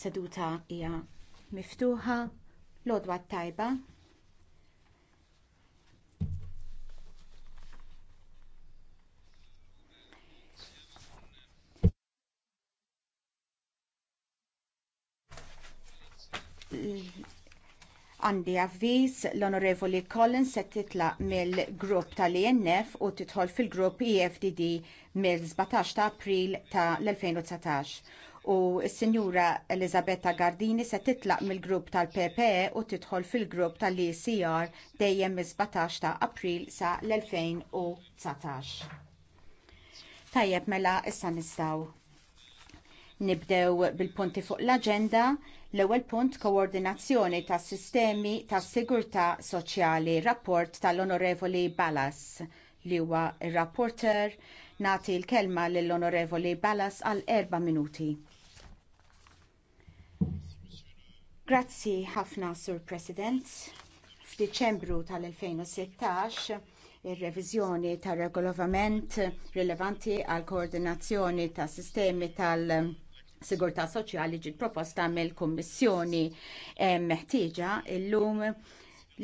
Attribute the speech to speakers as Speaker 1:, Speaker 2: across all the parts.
Speaker 1: seduta hija miftuħa l-odwa tajba għandi avviz l-Onorevoli Collins se titlaq mill-grupp tal-INF u titħol fil-grupp EFDD mill-17 ta' April ta' l-2019 u s-Sinjura Elizabetta Gardini se titlaq mill-grupp tal-PPE u tidħol fil-grupp tal-ECR dejjem mis-17 ta' April sa l-2019. Tajjeb mela issa nistgħu. Nibdew bil-punti fuq l-aġenda. L-ewwel punt koordinazzjoni tas sistemi tas sigurtà soċjali, rapport tal-Onorevoli Balas li huwa r rapporter nagħti l-kelma lill-Onorevoli Balas għal erba' minuti. Grazzi ħafna, Sur President. F'Diċembru tal-2016 ir-reviżjoni tar regolament rilevanti għall koordinazzjoni tas sistemi tal- Sigurtà Soċjali ġiet proposta mill-Kummissjoni meħtieġa illum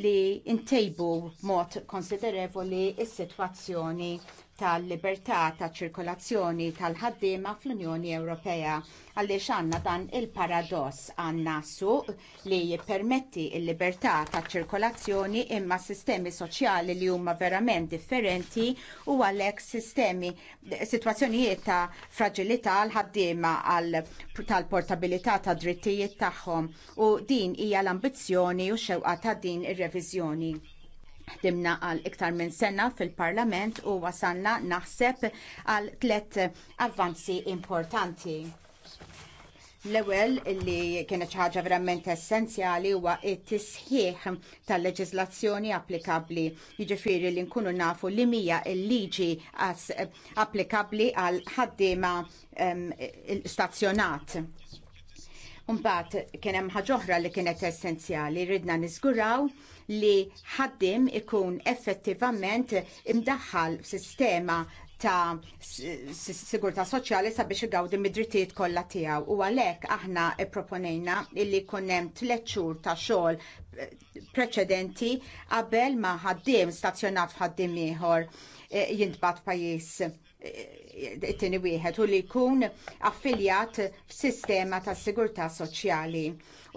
Speaker 1: li ntejbu mod konsiderevoli s-sitwazzjoni tal-libertà ta' ċirkolazzjoni tal-ħaddiema fl-Unjoni Ewropea għaliex għandna dan il-paradoss għandna suq li jippermetti l libertà ta' ċirkolazzjoni imma sistemi soċjali li huma verament differenti u għalhekk sistemi sitwazzjonijiet ta' fragilità għal ħaddiema tal-portabilità tad drittijiet tagħhom u din hija l-ambizzjoni u x-xewqa ta' din ir-reviżjoni ħdimna għal iktar minn sena fil-Parlament u wasanna naħseb għal tliet avvanzi importanti. L-ewwel li kienet xi ħaġa verament essenzjali huwa t-tisħiħ tal-leġiżlazzjoni applikabbli. Jiġifieri li nkunu nafu li mija l-liġi applikabbli għal ħaddiema stazzjonat. Mbagħad kien hemm ħaġa oħra li kienet essenzjali, ridna niżguraw li ħaddim ikun effettivament imdaħħal f'sistema ta' sigurta soċjali sabiex igawdi mid-drittijiet kollha tiegħu. U għalhekk aħna pproponejna illi jkun hemm tliet xhur ta' xogħol eh, preċedenti qabel ma' ħaddim stazzjonat f'ħaddiem ieħor eh, jintbagħat pajjiż it-tieni wieħed u li jkun affiljat f'sistema tas sigurtà soċjali.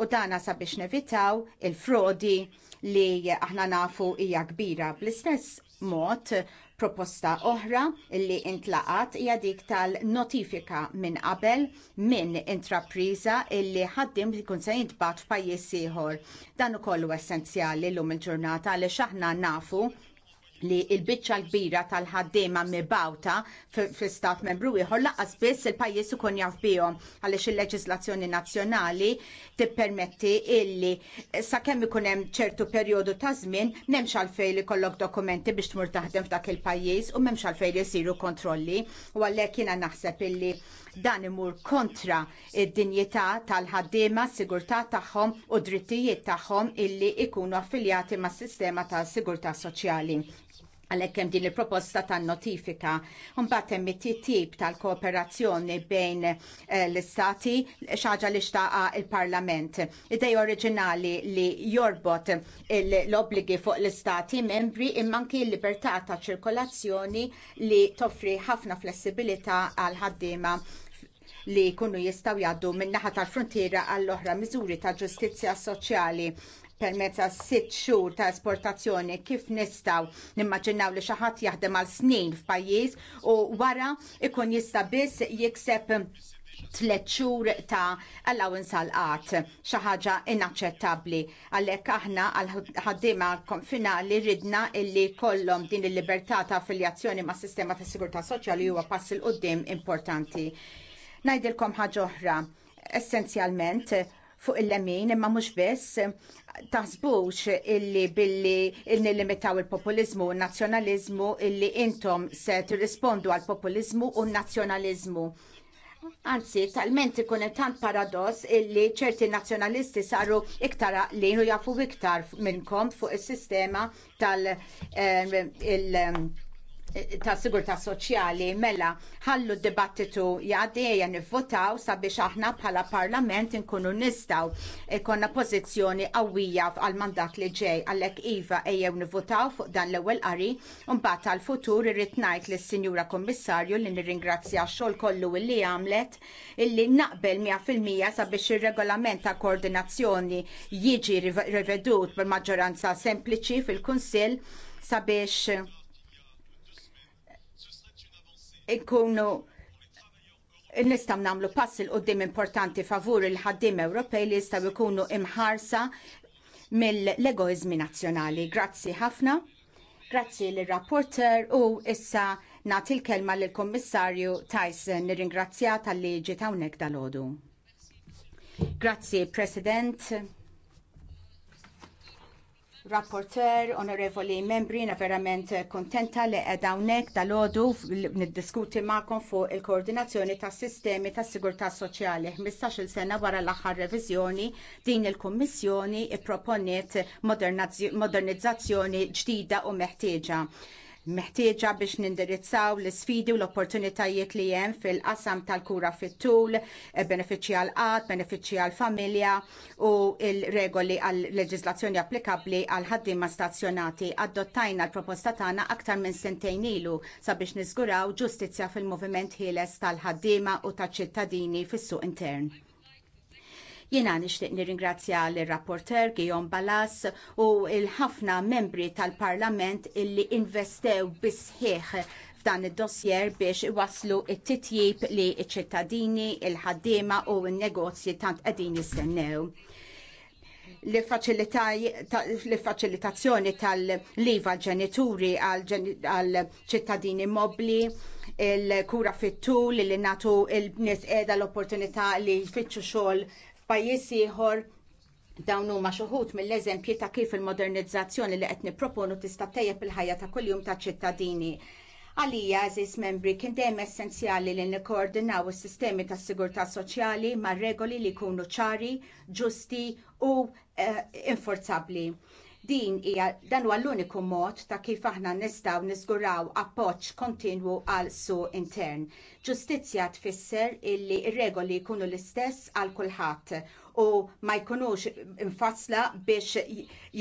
Speaker 1: U dana sabiex nevitaw il-frodi li aħna nafu hija kbira bl-istess mod proposta oħra li intlaqat hija dik tal-notifika minn qabel minn intrapriża li ħaddim jkun se jintbagħat f'pajjiż ieħor. Dan ukoll essenzjali llum il-ġurnata għaliex aħna nafu li il-bicċa l-kbira tal-ħaddiema mibawta fl-istat membru ieħor laqqas biss il-pajjiż ikun konjaf bijom għaliex il-leġislazzjoni nazzjonali tippermetti illi sakemm ikun hemm ċertu perjodu ta' żmien m'hemmx għalfej li kollok dokumenti biex tmur taħdem f'dak il-pajjiż u m'hemmx għalfej li jsiru kontrolli u għalhekk jiena naħseb illi dan imur kontra id-dinjità tal-ħaddiema, sigurtà tagħhom u drittijiet tagħhom illi jkunu affiljati mas-sistema tas-sigurtà soċjali għalhekk hemm din il-proposta tan notifika Mbagħad hemm it-tip tal-kooperazzjoni bejn eh, l-istati xaġa li xtaqa il-Parlament. Idej oriġinali li jorbot l-obbligi fuq l-istati membri imma anki l-libertà ta' ċirkolazzjoni li toffri ħafna flessibilità għal ħaddiema li jkunu jistgħu jgħaddu min-naħa tal-frontiera għall-oħra miżuri ta' ġustizzja soċjali permezz għas sitt xhur ta' esportazzjoni kif nistgħu nimmaġinaw li xi ħadd jaħdem għal snin f'pajjiż u wara ikun jista' biss jikseb tliet xhur ta' allowance għal qatt xi ħaġa inaċċettabbli. Għalhekk aħna għal ħaddiema konfinali ridna illi kollhom din il-libertà ta' affiljazzjoni mas sistema tas sigurtà soċjali huwa pass il qudiem importanti. Ngħidilkom ħaġa oħra. Essenzjalment, fuq il-lemin imma mhux biss taħsbux illi billi il-limitaw il-populizmu u n nazzjonaliżmu illi intom se tirrispondu għall populizmu u n nazzjonaliżmu. Anzi, talment ikun tant paradoss illi ċerti nazzjonalisti saru iktar aqlin u jafu iktar minnkom fuq is-sistema tal- eh, ta' sigurtà soċjali mela ħallu d-dibattitu jgħaddejja nivvotaw sabiex aħna bħala parlament inkunu nistaw ikonna e, pożizzjoni qawwija għal mandat li ġej għalhekk iva ejjew nivvotaw fuq dan l-ewwel qari mbagħad għall futur irrid ngħid lis-Sinjura Kummissarju li nirringrazzja xogħol kollu illi għamlet illi naqbel 100% sabiex ir-regolament ta' koordinazzjoni jiġi rivedut bil-maġġoranza sempliċi fil-Kunsill sabiex ikunu nistam namlu pass il qoddim importanti favur il-ħaddim Ewropej li jistaw ikunu imħarsa mill-egoizmi nazzjonali. Grazzi ħafna, grazzi l-rapporter u issa nagħti l-kelma lill kummissarju Tyson nirringrazzjata tal-li ġitawnek hawnhekk ħodu Grazzi, President. Rapporteur, onorevoli membri, na verament kontenta li edawnek tal ħodu niddiskuti ma'kom fuq il-koordinazzjoni ta' sistemi ta' sigurtà soċjali. 15 sena wara l-aħħar reviżjoni din il-Kummissjoni pproponiet modernizzazzjoni ġdida u meħtieġa meħtieġa biex nindirizzaw l isfidi u l-opportunitajiet li hemm fil-qasam tal-kura fit-tul, eh, benefiċċji għal qatt, benefiċċji għal familja u il-regoli għal leġislazzjoni applikabbli għal ħaddiema stazzjonati. Adottajna l-proposta tagħna aktar minn sentejn ilu sabiex niżguraw ġustizzja fil-moviment ħieles tal-ħaddiema u taċ-ċittadini fis-suq intern. Jiena nixtieq nirringrazzja l-rapporter Gijom Balas u l-ħafna membri tal-Parlament illi investew bisħieħ f'dan id-dossier biex waslu t titjib li ċ-ċittadini, il-ħaddiema u n-negozji tant qegħdin jistennew l-facilitazzjoni tal-liva ġenituri għal ċittadini mobli, il-kura fit-tul li natu il-bnies edha l-opportunità li jfittxu xogħol F'pajjiż ieħor dawn huma xi wħud mill-eżempji ta' kif il-modernizzazzjoni li qed nipproponu tista' tejjeb il-ħajja ta' kuljum taċ ċittadini. Għalija, eżis membri, kien dejjem essenzjali li nikkoordinaw is-sistemi tas sigurtà soċjali mar regoli li jkunu ċari, ġusti u uh, eh, infurzabbli. Din hija dan huwa l-uniku mod ta' kif aħna nistgħu niżguraw appoġġ kontinwu għal su intern. Ġustizzja tfisser illi r-regoli jkunu l-istess għal kulħadd u ma jkunux infasla biex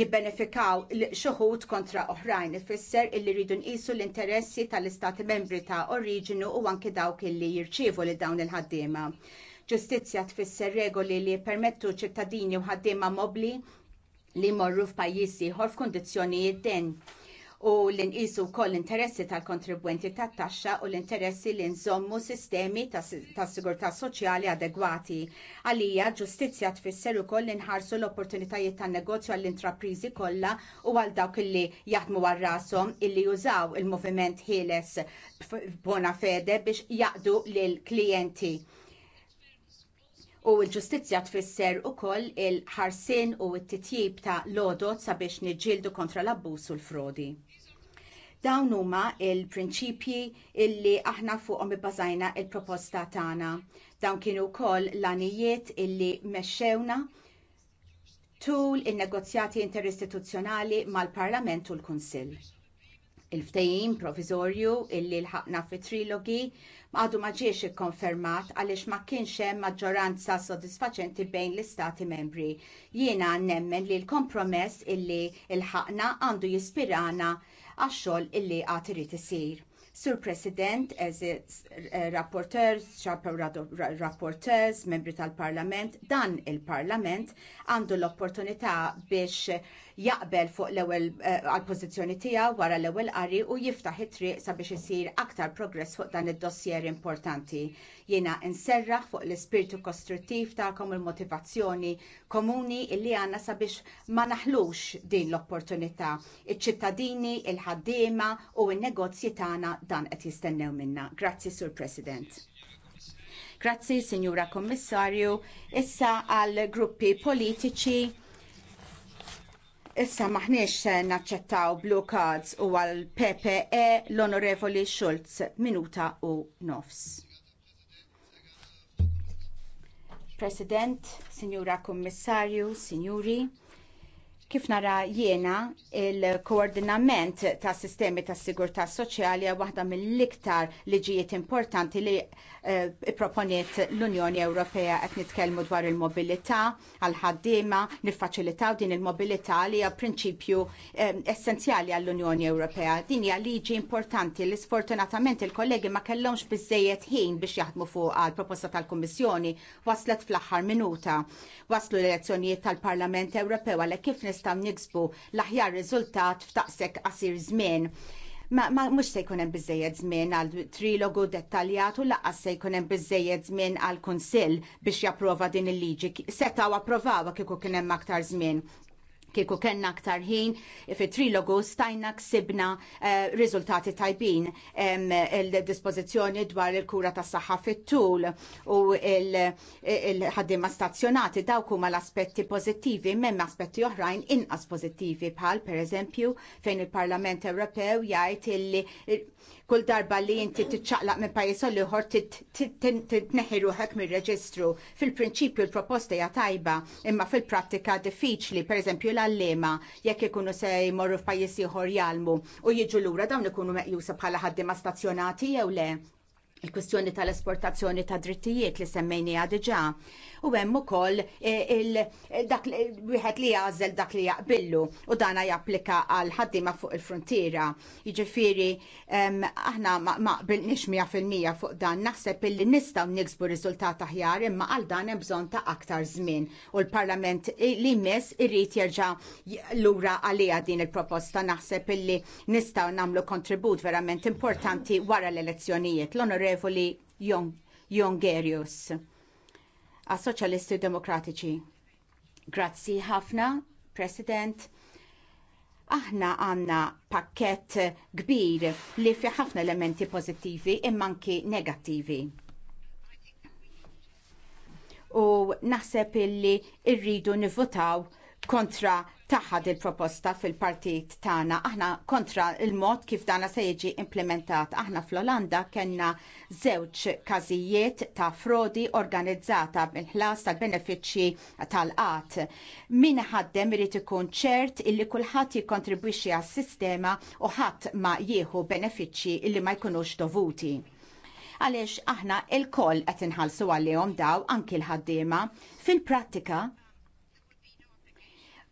Speaker 1: jibbenefikaw xuħut kontra oħrajn. Ifisser illi rridu nqisu l-interessi tal-istati membri ta' oriġinu u anke dawk illi jirċievu li dawn il-ħaddiema. Ġustizzja tfisser regoli li permettu ċittadini u ħaddiema mobli li jmorru f'pajjiż ieħor f'kundizzjonijiet den u l-inqisu wkoll l-interessi tal-kontribwenti tat-taxxa u l-interessi li nżommu sistemi tas-sigurtà soċjali adegwati. Għalija ġustizzja tfisser ukoll li nħarsu l-opportunitajiet tan-negozju għall-intrapriżi kollha u għal dawk illi jaħdmu għal rashom illi jużaw il-moviment ħieles b'bona fede biex jaqdu lill klijenti u l-ġustizzja tfisser ukoll il ħarsien u t-titjib ta' lodot sabiex niġġieldu kontra l-abbuż u l-frodi. Dawn huma l prinċipji illi aħna fuqhom ibbażajna l proposta tagħna. Dawn kienu wkoll l-anijiet illi mexxewna tul in-negozjati interistituzzjonali mal-Parlament u l-Kunsill. Il-ftehim proviżorju illi l-ħakna fi trilogi għadu ma ġiex ikkonfermat għaliex ma kienx hemm maġġoranza sodisfaċenti bejn l-istati membri. Jiena nemmen li l-kompromess illi il-ħaqna għandu jispirana għax-xogħol illi għad irid isir. Sur President, eżis eh, rapporteurs, rapporteurs, membri tal-Parlament, dan il-Parlament għandu l-opportunità biex jaqbel fuq l-ewwel eh, għall-pożizzjoni tiegħu wara l-ewwel qari u jiftaħ it-triq sabiex isir aktar progress fuq dan id-dossier importanti. Jiena inserraħ fuq l-ispirtu kostruttiv tagħkom il-motivazzjoni komuni illi għandna sabiex ma naħlux din l-opportunità. Iċ-ċittadini, il-ħaddiema u n-negozji tagħna dan qed jistennew minna. Grazzi, Sur President. Grazzi, Sinjura Kommissarju. Issa għal gruppi politiċi Issa maħniex se naċċettaw blue cards u għal PPE l-Onorevoli Schulz minuta u nofs. President, Signora Kommissarju, Signori, Kif nara jiena, il-koordinament ta' sistemi ta' sigurtà soċjali waħda mill-iktar liġijiet importanti li pproponiet eh, proponiet l-Unjoni Ewropea qed nitkellmu dwar il-mobilità għal ħaddiema niffaċilitaw din il-mobilità li hija prinċipju eh, essenzjali għall-Unjoni Ewropea. Din hija liġi importanti li sfortunatament il-kollegi ma kellhomx biżejjed ħin biex jaħdmu fuq għall proposta tal-Kummissjoni waslet fl-aħħar minuta. Waslu l-elezzjonijiet tal-Parlament Ewropew għalhekk kif nistaw niksbu l-aħjar riżultat f'taqsek qasir żmien. Ma, ma mux se jkunem bizzejed zmin għal trilogu dettaljatu laqqas se jkunem bizzejed zmin għal konsil biex japprova din il-liġi. Setaw kieku kiku kienem aktar zmin kieku kellna aktar ħin fit trilogu stajna ksibna rizultati eh, riżultati tajbin il-dispożizzjoni dwar il-kura tas saħħa fit-tul u il-ħaddiema stazzjonati dawk huma l-aspetti pożittivi m'hemm aspetti oħrajn inqas pożittivi bħal pereżempju fejn il-Parlament Ewropew jgħid illi kull darba li inti titċaqlaq minn pajjiż li ieħor titneħi ruħek mir-reġistru. Fil-prinċipju l-proposta hija tajba, imma fil-prattika diffiċli, pereżempju l-allema jekk ikunu se jmorru f'pajjiż ieħor jalmu u jiġu lura dawn ikunu meqjusa bħala ħaddima stazzjonati jew le il-kwistjoni tal-esportazzjoni ta' drittijiet li semmejni diġà. U hemm ukoll eh, dak wieħed li jażel dak li jaqbillu u dana japplika għal ħaddiema fuq il-frontiera. Jiġifieri aħna ma qbilniex 100% fuq dan naħseb illi nistgħu niksbu riżultat aħjar imma għal dan hemm bżonn ta' aktar żmien u l-Parlament li mess irrid jerġa' lura għaliha din il-proposta naħseb illi nistgħu nagħmlu kontribut verament importanti wara l-elezzjonijiet. L-Onorevoli l-Onorevoli Jongerius. A Soċjalisti Demokratiċi. Grazzi ħafna, President aħna għanna pakket kbir li fi ħafna elementi pozittivi immanki negattivi. U naħseb illi irridu nivvotaw kontra taħad il-proposta fil-partit tagħna. Aħna kontra il-mod kif dana se jiġi implementat. Aħna fl-Olanda kellna żewġ każijiet ta' frodi organizzata bil-ħlas tal-benefiċċji tal-qat. Min ħaddem irid ikun ċert illi kulħadd jikkontribwixxi għas-sistema u ħadd ma jieħu benefiċċji illi ma jkunux dovuti. Għaliex aħna il-koll qed inħallsu għalihom daw anki l-ħaddiema. Fil-prattika,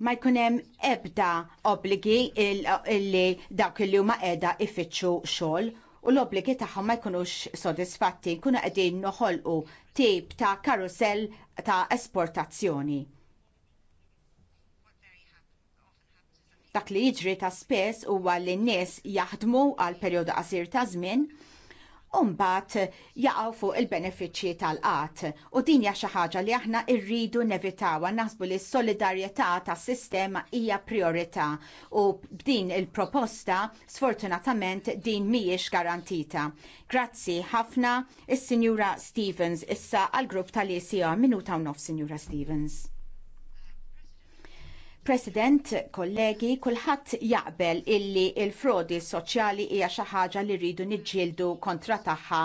Speaker 1: ma jkunem ebda obbligi illi dawk li huma qiegħda ifittxu xogħol u l-obbligi tagħhom ma jkunux sodisfatti, jkunu qegħdin noħolqu tip ta' karusell ta' esportazzjoni. Dak li jiġri ta' spess huwa li n-nies jaħdmu għal perjodu qasir ta' żmien Umbat jaqgħu fuq il-benefiċċji tal-qat u din hija xi ħaġa li aħna rridu nevitaw naħsbu li s-solidarjetà tas-sistema hija priorità u b'din il-proposta sfortunatament din mhijiex garantita. Grazzi ħafna is-Sinjura Stevens issa għall grupp tal-ECR minuta u nof Sinjura Stevens. President, kollegi, kulħadd jaqbel illi il-frodi soċjali hija xi ħaġa li rridu niġġieldu kontra tagħha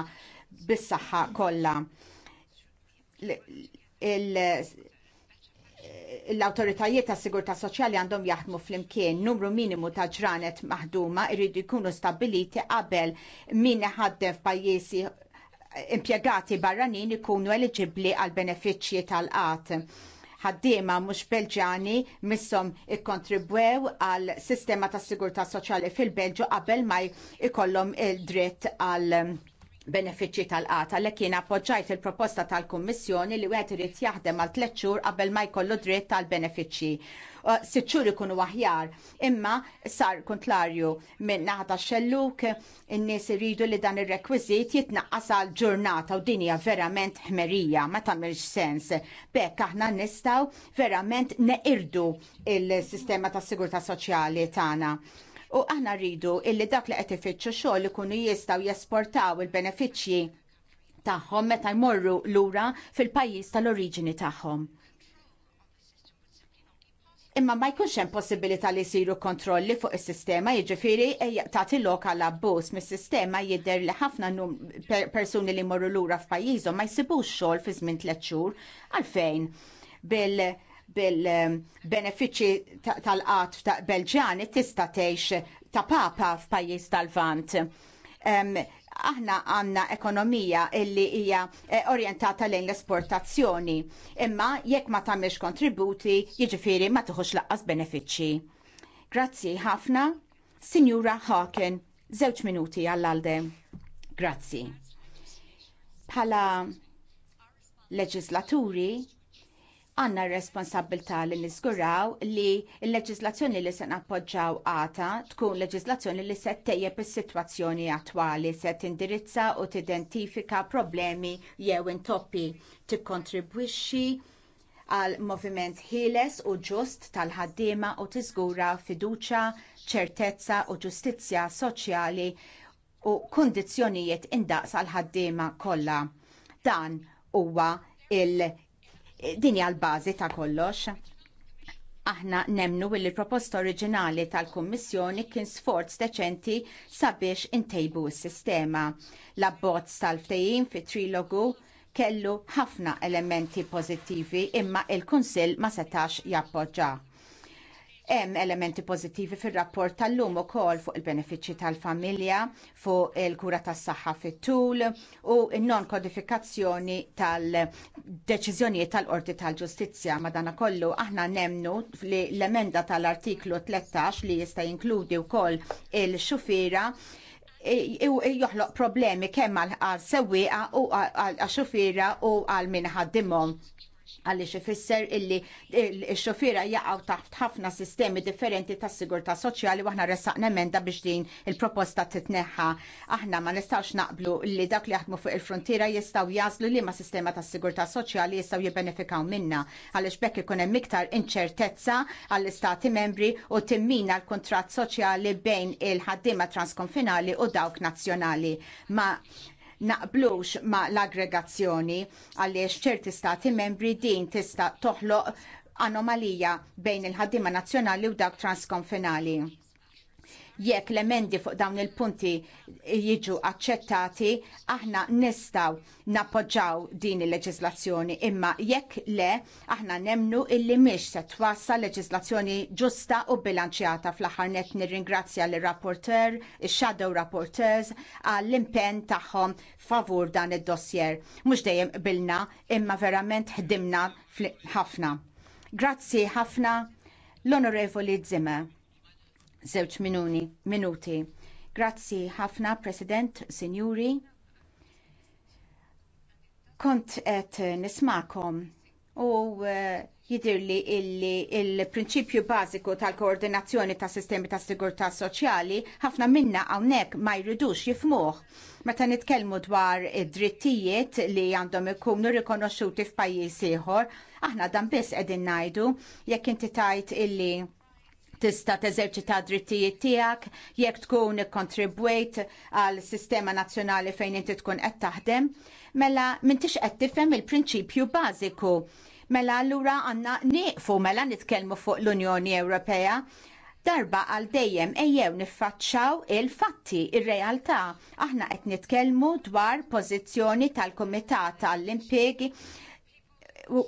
Speaker 1: bis-saħħa kollha. L-autoritajiet ta' sigurtà soċjali għandhom jaħdmu flimkien numru minimu ta' ġranet maħduma irridu jkunu stabiliti qabel min ħaddem f'pajjiżi impjegati barranin ikunu eliġibbli għal benefiċċji tal-qat ħaddiema mhux Belġjani missom ikkontribwew għal sistema tas sigurtà soċjali fil-Belġu qabel ma jkollhom il-dritt għal benefiċċji tal-qata li kien appoġġajt il-proposta tal-Kummissjoni li wieħed irid jaħdem għal tliet xhur qabel ma jkollu dritt tal-benefiċċji. Uh, sitt xhur ikunu aħjar, imma sar kontlarju minn naħa xelluk in-nies iridu li dan ir-rekwiżit jitnaqqas għal ġurnata u din hija verament ħmerija, ma tagħmilx sens. Bekk aħna nistgħu verament neqirdu il-sistema tas-sigurtà soċjali tagħna u aħna rridu illi dak li qed ifittxu xogħol ikunu jistgħu jesportaw il-benefiċċji tagħhom meta jmorru lura fil-pajjiż tal-oriġini tagħhom. Imma ma jkunx hemm possibilità li jsiru kontrolli fuq is-sistema, jiġifieri tagħti lok għal abbuż mis-sistema jidher li ħafna persuni li jmorru lura f'pajjiżhom ma jsibux xogħol fi żmien tliet xhur għalfejn bil bil-benefiċi tal-qat ta' Belġan tista' tgħix ta' papa f'pajjiż tal-Vant. Aħna għandna ekonomija illi hija eh, orjentata lejn l-esportazzjoni, imma jekk ma tagħmilx kontributi, jiġifieri ma tieħux laqqas benefiċċji. Grazzi ħafna, Sinjura Hawken, żewġ minuti għall-alde. Grazzi. Bħala leġislaturi għanna responsabilta li nizguraw li l-leġislazzjoni li se nappoġġaw għata tkun leġislazzjoni li se tejjeb is-sitwazzjoni attwali se tindirizza u tidentifika problemi jew intoppi tikkontribwixxi għal moviment ħieles u ġust tal-ħaddiema u tiżgura fiduċja, ċertezza u ġustizzja soċjali u kundizzjonijiet indaqs għal ħaddiema kollha. Dan huwa l dinja l-bażi ta' kollox. Aħna nemnu li proposta oriġinali tal-Kummissjoni kien sforz deċenti sabiex intejbu s-sistema. L-abbozz tal ftehim fit trilogu kellu ħafna elementi pożittivi imma il-Kunsill ma setax jappoġġa. Hemm elementi pożittivi fir-rapport tal-lum ukoll fuq il-benefiċċji tal-familja, fuq il-kura tas-saħħa fit-tul u n-non-kodifikazzjoni tal-deċiżjonijiet tal-Qorti tal-Ġustizzja. Madanakollu aħna nemnu li l-emenda tal-artiklu 13 li jista' jinkludi wkoll il-xufira e, e, joħloq problemi kemm għal sewwieqa u għal xufira u għal min ħaddimhom għaliex ifisser illi il-xofira jaqgħu taħt ħafna sistemi differenti tas sigurtà soċjali waħna ressaqna emenda biex din il-proposta titneħħa. Aħna ma nistgħux naqblu li dak li jaħdmu fuq il-frontiera jistgħu jazlu li ma sistema tas sigurtà soċjali jistgħu jibbenefikaw minna għaliex bekk ikun hemm iktar inċertezza għall-istati membri u timmina l kontrat soċjali bejn il-ħaddiema transkonfinali u dawk nazzjonali. Ma naqblux ma l-aggregazzjoni għaliex ċerti stati membri din tista' toħloq anomalija bejn il ħaddiema nazzjonali u dawk transkonfinali Jekk l-emendi fuq dawn il-punti jiġu aċċettati, aħna nistaw nappoġġaw din il-leġislazzjoni, imma jekk le, aħna nemnu illi mhix se twassa leġislazzjoni ġusta u bilanċjata fl-aħħar net nirringrazzja l-rapporter, il-shadow rapporters għall-impenn tagħhom favur dan id-dossier. Mhux dejjem bilna, imma verament ħdimna ħafna. Grazzi ħafna l-Onorevoli Zimmer. Żewġ minuti. Grazzi ħafna, President, Sinjuri. Kont qed nismakom u eh, jidirli illi il-prinċipju bażiku tal-koordinazzjoni ta' sistemi ta' sigurtà soċjali ħafna minna hawnhekk ma jridux jifmuh. Meta nitkellmu dwar id-drittijiet li għandhom ikunu rikonoxxuti f'pajjiż ieħor, aħna dan biss qegħdin ngħidu jekk inti tajt illi tista' teżerċita drittijiet tiegħek jekk tkun kontribwejt għal sistema nazzjonali fejn inti tkun qed taħdem, mela m'intix qed tifhem il-prinċipju bażiku. Mela allura għandna nieqfu mela nitkellmu fuq l-Unjoni Ewropea darba għal dejjem ejjew niffaċċaw il-fatti, ir-realtà. Aħna qed nitkellmu dwar pożizzjoni tal-Kumitat tal-Impjegi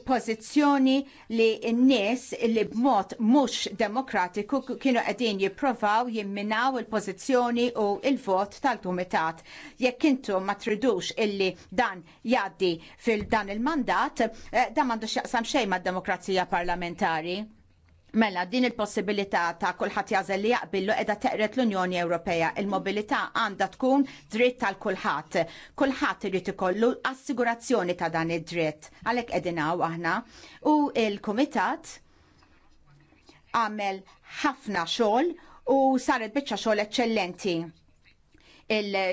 Speaker 1: pożizzjoni li n-nies li b'mod mhux demokratiku kienu qegħdin jipprovaw jimminaw il-pożizzjoni u il-vot tal-kumitat. Jekk intom ma tridux illi dan jgħaddi fil-dan il-mandat, eh, dan m'għandux jaqsam xejn mad-demokrazija parlamentari. Mela, din il-possibilità ta' kulħadd jażel li jaqbillu qiegħda teqret l-Unjoni Ewropea. Il-mobilità għandha tkun dritt tal kulħadd. Kulħadd irid ikollu assigurazzjoni ta' dan id-dritt. Għalhekk qegħdin aħna. U il-Kumitat għamel ħafna xogħol u saret biċċa xogħol eċċellenti. Il-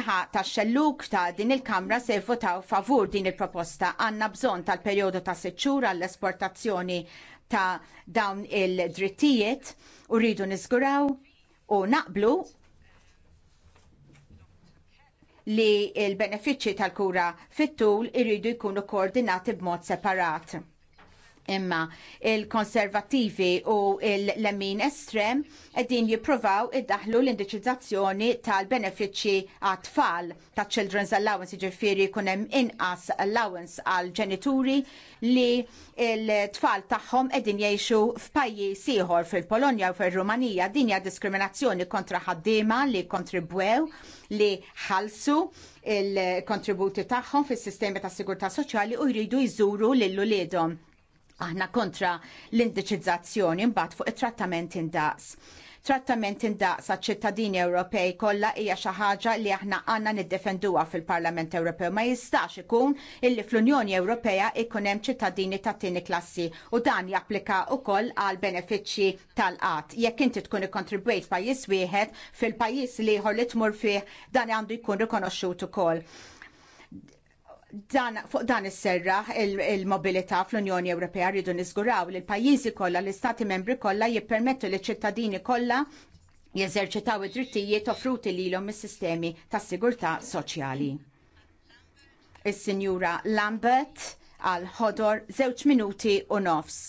Speaker 1: naħa ta' xelluk ta' din il-Kamra se votaw favur din il-proposta għanna bżon tal-periodu ta' seċċur għall-esportazzjoni ta' dawn il-drittijiet u rridu niżguraw u naqblu li l benefiċċji tal-kura fit-tul irridu jkunu koordinati b'mod separat imma il-konservativi u l lemmin estrem qegħdin id iddaħlu l-indiċizzazzjoni tal-benefiċċji għat-tfal ta' children's allowance jiġifieri jkun hemm inqas allowance għal ġenituri li l-tfal tagħhom qegħdin jgħixu f'pajjiż ieħor fil-Polonja u fil rumanija din hija diskriminazzjoni kontra ħaddiema li kontribwew li ħalsu il-kontributi tagħhom fis-sistemi tas-sigurtà soċjali u jridu jżuru lil uliedhom. Aħna kontra l-indiċizzazzjoni mbagħad fuq it-trattament indaqs. Trattament indaqs għat ċittadini Ewropej kollha hija xi ħaġa li aħna għandna niddefenduha fil-Parlament Ewropew. Ma jistax ikun illi fl-Unjoni Ewropea ikun hemm ċittadini ta' tieni klassi u dan japplika wkoll għal benefiċċji tal-qatt. Jekk inti tkun ikkontribwejt pajjiż wieħed fil-pajjiż li ieħor li tmur fih dan għandu jkun rikonoxxut ukoll dan, fuq dan is-serraħ il-mobilità fl-Unjoni Ewropea rridu niżguraw li l-pajjiżi kollha l-istati membri kollha jippermettu li ċittadini kollha jeżerċitaw id-drittijiet offruti lilhom mis-sistemi tas-sigurtà soċjali. Is-Sinjura Lambert għal ħodor żewġ minuti u nofs.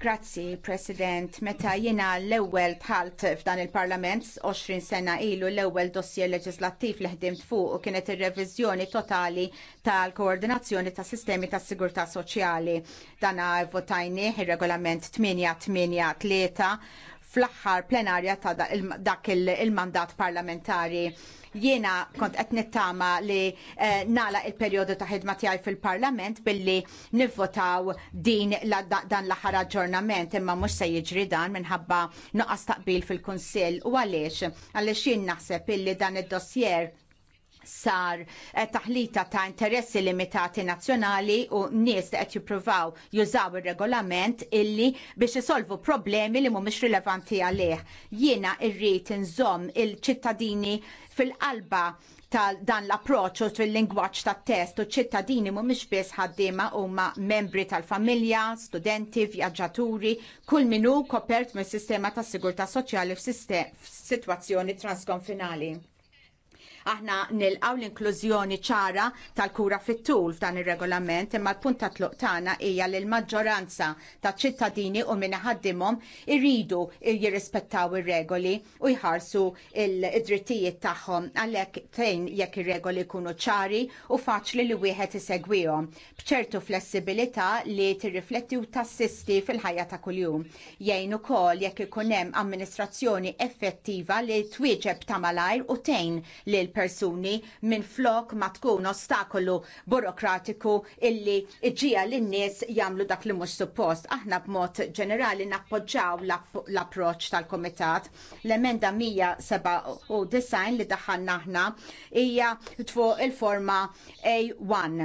Speaker 1: Grazzi, President. Meta jiena l-ewwel bħalt f'dan il-Parlament 20 sena ilu l-ewwel dossier leġislattiv li ħdimt fuq kienet ir-reviżjoni totali tal-koordinazzjoni tas sistemi tas sigurtà soċjali. Dana votajni ir-regolament 883 fl-aħħar plenarja ta' dak il-mandat parlamentari. Jiena kont qed nittama li eh, nala il-perjodu ta' ħidma tiegħi fil-Parlament billi nivvotaw din dan l-aħħar aġġornament imma mhux se jiġri dan minħabba nuqqas taqbil fil-Kunsill u għaliex għaliex jien naħseb illi dan id-dossier sar eh, taħlita ta' interessi limitati nazzjonali u nies qed jippruvaw jużaw ir-regolament illi biex isolvu problemi li mhumiex rilevanti għalih. Jiena rrid inżomm il-ċittadini fil-qalba tal dan l-approċċ u fil-lingwaġġ tat-test u ċittadini mhumiex biss ħaddiema huma membri tal-familja, studenti, vjaġġaturi, kull min hu kopert mis-sistema tas-sigurtà soċjali f'sitwazzjoni transkonfinali. Aħna nilqaw l-inklużjoni ċara tal-kura fit-tul f'dan ir-regolament imma l-punt ta' tluq tagħna hija li l-maġġoranza ta' ċittadini u minn ħaddimhom irridu jirrispettaw ir-regoli u jħarsu l-drittijiet tagħhom għalhekk fejn jekk ir-regoli jkunu ċari u faċli li wieħed isegwihom b'ċertu flessibilità li tirrifletti u tassisti fil-ħajja ta' kuljum. Jgħin ukoll jekk ikun hemm amministrazzjoni effettiva li twieġeb ta' malajr u tejn lil persuni minn flok ma tkun ostakolu burokratiku illi ġija l-nies jamlu dak li mhux suppost. Aħna b'mod ġenerali nappoġġaw l-approċ tal-komitat. L-emenda 197 li daħanna aħna hija tfu il-forma A1.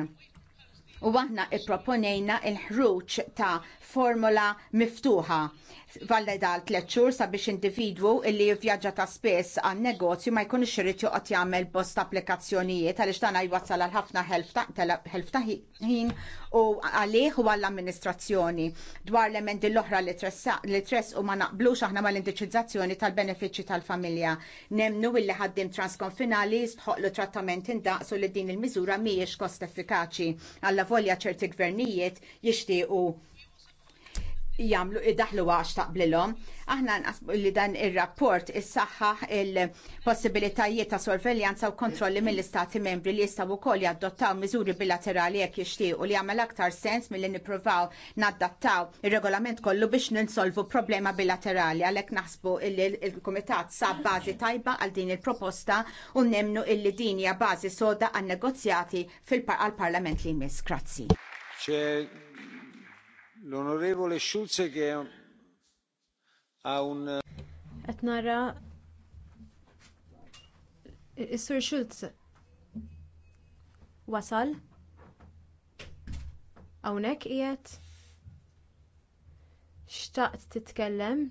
Speaker 1: U aħna ipproponejna il-ħruġ ta' formula miftuħa valleda għal sabiex individwu illi jivvjaġġa ta' spess għan negozju ma jkun irid joqgħod jagħmel bost applikazzjonijiet għaliex dan jwassal għal ħafna ħelf ta' ħin u għalih u għall-amministrazzjoni. Dwar l-emendi l-oħra li tress u ma naqblux aħna mal-indiċizzazzjoni tal-benefiċċji tal-familja. Nemnu illi ħaddim transkonfinali jistħoqlu trattament indaqsu li din il-miżura mhijiex kost effikaċi. Alla volja ċerti gvernijiet jixtiequ jamlu id-daħlu għax taqblilhom. Aħna nqasbu li dan ir-rapport issaħħaħ il-possibilitajiet ta' sorveljanza u kontrolli mill-istati membri li jistgħu wkoll jaddottaw miżuri bilaterali jekk jixtiequ li jagħmel aktar sens milli nippruvaw naddattaw ir-regolament kollu biex ninsolvu problema bilaterali għalhekk naħsbu li l-Kumitat sab bażi tajba għal din il-proposta u nemnu illi din hija bażi soda għan negozjati fil-parlament li jmiss.
Speaker 2: Grazzi. L-Onorevole Schulze che ha un...
Speaker 3: Qed nara Is-Sur Schulz wasal hawnhekk qiegħed xtaqt titkellem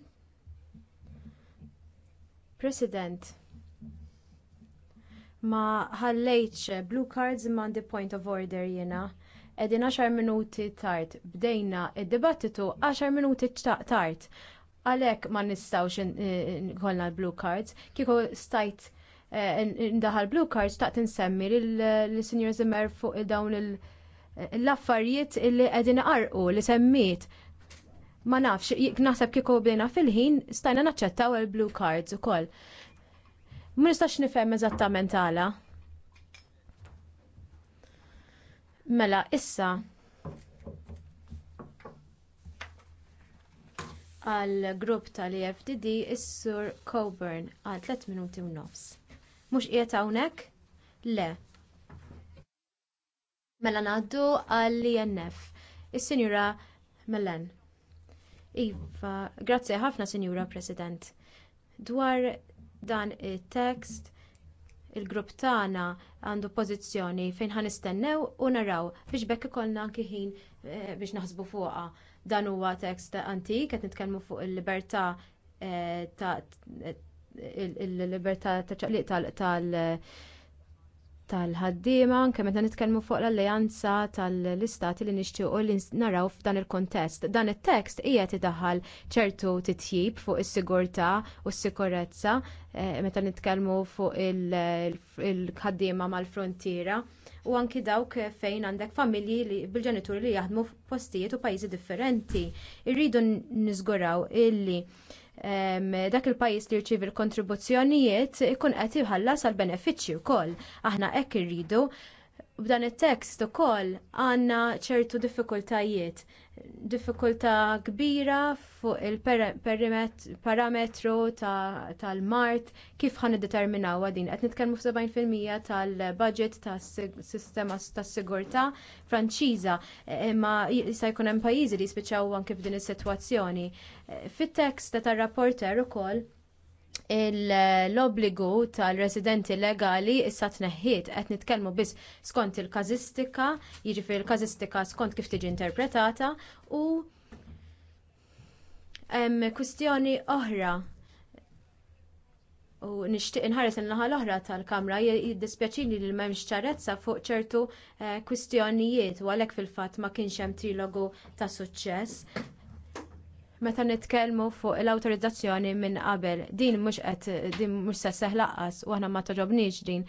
Speaker 3: President ma ħallejtx blue cards m'għandi point of order jiena Qegħdin 10 minuti tard, bdejna id-dibattitu 10 minuti tard. Għalhekk ma nistawx nkollna l-blue cards, kieku stajt eh, ndaħal blue cards taqt insemmi l sinjor Zimmer fuq dawn l-affarijiet li qegħdin qarqu li semmiet. Ma nafx, naħseb kieku bdejna fil-ħin stajna naċċettaw il-blue cards ukoll. Ma nistax nifhem eżattament għala. Mela issa għall grupp tal-EFDD is-Sur Coburn għal 3 minuti u nofs. Mhux qiegħed hawnhekk? Le. Mela ngħaddu għall-INF. E Is-Sinjura Mellen. Iva, grazzi ħafna Sinjura President. Dwar dan it-tekst il-grupp tagħna għandu pożizzjoni fejn ħa nistennew u naraw biex bekk ikollna anki ħin eh, biex naħsbu fuqha. Dan huwa tekst antik qed nitkellmu fuq il-libertà eh, ta' il-libertà ta' tal- tal-ħaddiema anke meta nitkellmu fuq l-alleanza tal-istati li nixtiequ li naraw f'dan il-kontest. Dan it-tekst qiegħed idaħħal ċertu titjib fuq is-sigurtà u s-sikurezza eh, meta nitkellmu fuq il-ħaddiema mal-frontiera u anki dawk fejn għandek familji bil-ġenituri li jaħdmu f'postijiet u pajjiżi differenti. Irridu niżguraw illi dak il-pajjiż li jirċievi l-kontribuzzjonijiet ikun qed jħallas għall benefiċċju wkoll. Aħna hekk irridu B'dan it-tekst ukoll għandna ċertu diffikultajiet. Diffikultà kbira fuq il-parametru tal-mart kif ħan determinaw din. Qed nitkellmu f'70% tal-budget tas-sistema tas-sigurtà Franċiża, imma jista' jkun hemm pajjiżi li jispiċċaw anke f'din is-sitwazzjoni. Fit-tekst tar-rapporter ukoll l-obbligu tal-residenti legali issa tneħħiet qed nitkellmu biss skont il-każistika, jiġifieri il-każistika skont kif tiġi interpretata u hemm kwistjoni oħra u nixtieq inħares in-naħa l-oħra tal-Kamra jiddispjaċini li m'hemmx ċarezza fuq ċertu eh, kwistjonijiet u għalhekk fil-fatt ma kienx hemm trilogu ta' suċċess meta nitkellmu fuq l-awtorizzazzjoni minn qabel. Din mhux qed din mhux se seħlaqqas u aħna ma toġobniex din.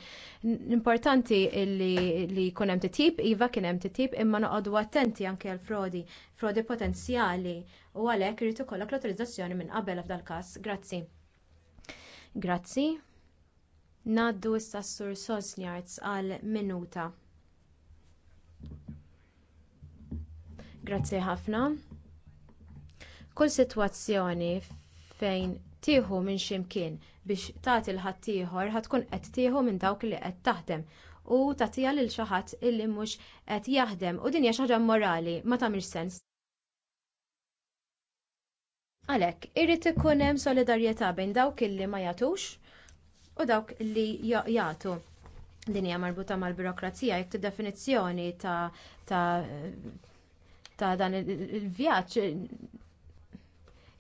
Speaker 3: L-importanti li jkun hemm titjib iva kien hemm titjib imma noqogħdu attenti anke għal frodi, frodi potenzjali u għalhekk irid ikollok l-awtorizzazzjoni minn qabel f'dal każ. Grazzi. Grazzi. Naddu issa s-sur Sosnjarz għal minuta. Grazzi ħafna. Kull sitwazzjoni fejn tieħu minn x'imkien biex tagħti lħaddieħor ħaddieħor tkun qed tieħu minn dawk li qed taħdem u tagħtiha lil xi ħadd illi mhux qed jaħdem u din hija xi ħaġa morali ma tagħmilx sens. Għalhekk, irrid ikun hemm solidarjetà bejn dawk illi ma jagħtux u dawk li jagħtu. Din hija marbuta mal-birokrazija jekk definizzjoni ta, ta dan il-vjaġġ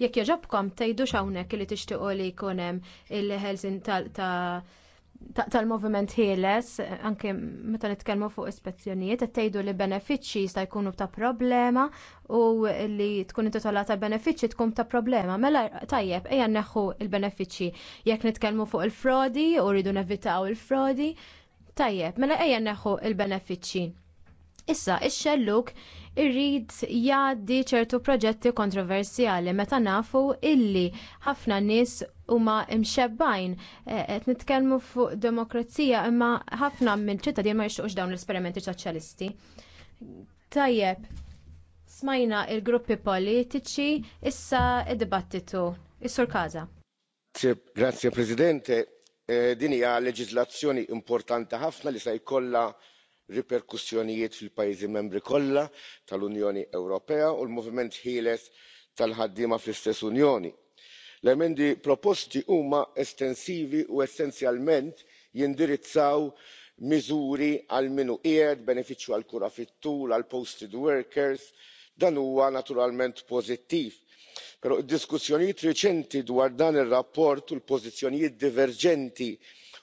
Speaker 3: Jekk jogħġobkom tajdu hawnhekk li tixtiequ li jkun hemm il-ħelsin tal-moviment ħieles, anke meta nitkellmu fuq ispezzjonijiet, qed tgħidu li benefiċċji jista' jkunu ta' problema u li tkun ta' benefiċċji tkun ta' problema. Mela tajjeb ejja neħħu il-benefiċċji. Jekk nitkellmu fuq il-frodi u rridu nevitaw il-frodi, tajjeb, mela ejja neħħu il-benefiċċji Issa, ix-xelluk irrid jgħaddi ċertu proġetti kontroversjali meta nafu illi ħafna nies huma mxebbajn eh, qed nitkellmu fuq demokrazija imma ħafna minn ċittadin ma jixtuqx dawn l-esperimenti soċjalisti. Tajjeb, smajna l gruppi politiċi issa id-dibattitu. Is-sur Kaza.
Speaker 2: Grazie Presidente. Eh, din hija leġislazzjoni importanti ħafna li se jkollha riperkussjonijiet fil pajjiżi membri kollha tal unjoni ewropea u l-moviment ħieles tal ħaddiema fl-istess unjoni. l-emendi proposti huma estensivi u essenzjalment jindirizzaw miżuri għal min hu qiegħed benefiċċju għall kura fit tul għall posted workers dan huwa naturalment pożittiv però d-diskussjonijiet riċenti dwar dan ir-rapport u l-pożizzjonijiet diverġenti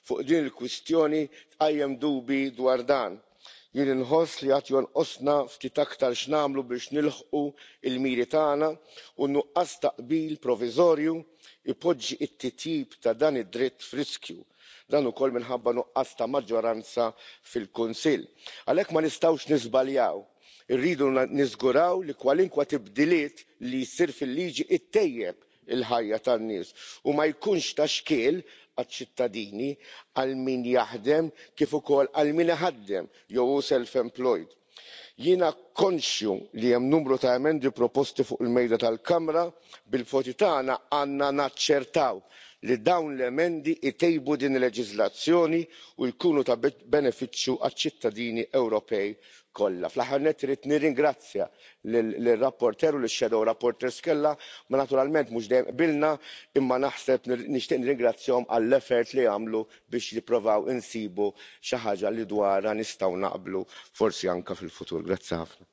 Speaker 2: fuq din il kwistjoni tqajjem dubji dwar dan jien inħoss li qatt jonqosna ftit aktar x'nagħmlu biex nilħqu l miri tagħna u nuqqas ta' qbil proviżorju ipoġġi t titjib ta' dan id-dritt f'riskju dan ukoll minħabba nuqqas ta' maġġoranza fil-kunsill. għalhekk ma nistgħux niżbaljaw irridu niżguraw li kwalinkwa tibdiliet li jsir fil-liġi ttejjeb il ħajja tan-nies u ma jkunx ta' xkiel għaċ-ċittadini għal min jaħdem kif ukoll għal min iħaddem jew hu self employed. jiena konxju li hemm numru ta' emendi proposti fuq il mejda tal kamra bil voti tagħna għandna naċċertaw li dawn l-emendi jtejbu din il-leġiżlazzjoni u jkunu ta' benefiċċju għaċ-ċittadini ewropej kollha. fl aħħar nett irid nirringrazzja lir-rapporteur u lix-shadow rapporteurs kollha ma naturalment mhux dejjem qbilna imma naħseb nixtieq nirringrazzjahom għall effort li għamlu biex jippruvaw insibu xi ħaġa li dwarha nistgħu naqblu forsi anke fil futur. grazzi ħafna.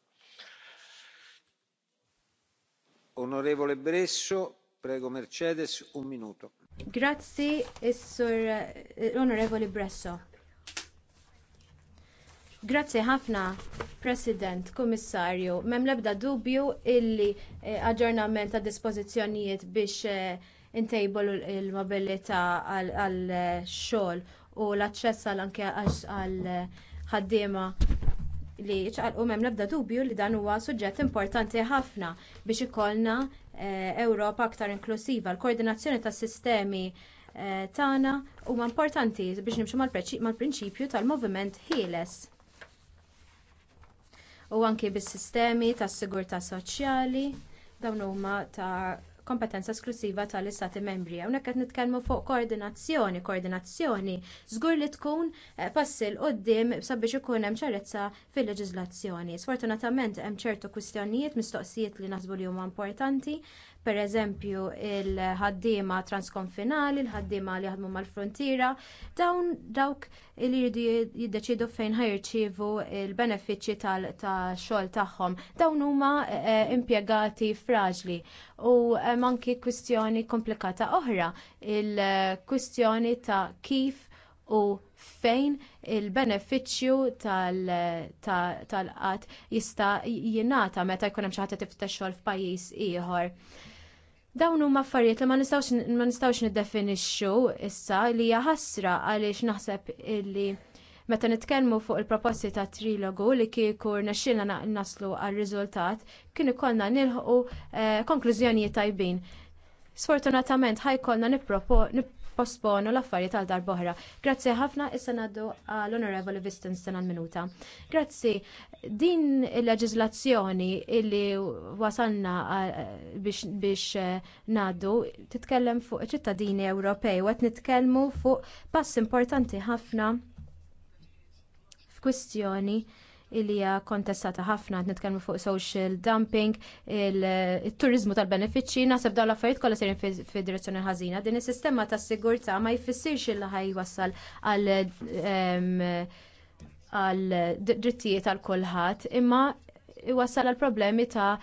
Speaker 2: Prego Mercedes, un minuto.
Speaker 3: Grazzi, is-sur eh, Onorevoli Bresso. Grazzi ħafna, President, Kummissarju. Mem lebda dubju illi eh, aġġornament ta' dispożizzjonijiet biex eh, intejbu l-mobilità għal xogħol u l-aċċess għal anke għal ħaddiema li ċaqalqu mem lebda dubju li dan huwa suġġett importanti ħafna biex ikollna eh, Ewropa aktar inklusiva. L-koordinazzjoni tas sistemi eh, tagħna huma importanti biex nimxu mal-prinċipju tal-moviment ħieles u anki bis-sistemi tas-sigurtà soċjali dawn huma ta' kompetenza esklusiva tal-Istati membri. Hawnhekk qed nitkellmu fuq koordinazzjoni, koordinazzjoni żgur li tkun eh, passil quddiem sabiex ikun hemm ċarezza fil-leġiżlazzjoni. Sfortunatament hemm ċertu kwistjonijiet mistoqsijiet li naħsbu li huma importanti, pereżempju il-ħaddiema transkonfinali, il-ħaddiema li jaħdmu mal-frontiera, dawn dawk li jridu jiddeċidu fejn ħajrċivu l benefiċċji tal-xogħol tagħhom. Dawn huma eh, eh, impjegati fraġli u manki kwistjoni komplikata oħra, il-kwistjoni ta' kif u fejn il-benefiċċju tal-qatt jista' jingħata meta jkun hemm xi ħadd tiftex xogħol f'pajjiż ieħor. Dawn huma affarijiet li ma nistgħux ma nistgħux niddefinixxu issa li hija ħasra għaliex naħseb illi meta nitkellmu fuq il-proposti ta' trilogu li kieku rnexxilna naslu għal riżultat kien ikollna nilħu eh, konklużjonijiet tajbin. Sfortunatament ħajkollna nippropo posponu l-affarijiet għal darba oħra. Grazzi ħafna issa ngħaddu għall onorevoli Vistinsen sena minuta. Grazzi, din il leġizlazzjoni illi wasalna eh, biex eh, ngħaddu titkellem fuq ċittadini Ewropej u qed nitkellmu fuq pass importanti ħafna f'kwistjoni illi hija kontestata ħafna nitkellmu fuq social dumping, il-turizmu tal-benefiċċji, naħseb dawn l-affarijiet kollha serin fid-direzzjoni ħażina. Din is-sistema tas-sigurtà ma jfissirx illi ħajwassal għal għal drittijiet għal kulħadd, imma iwassal għal problemi ta'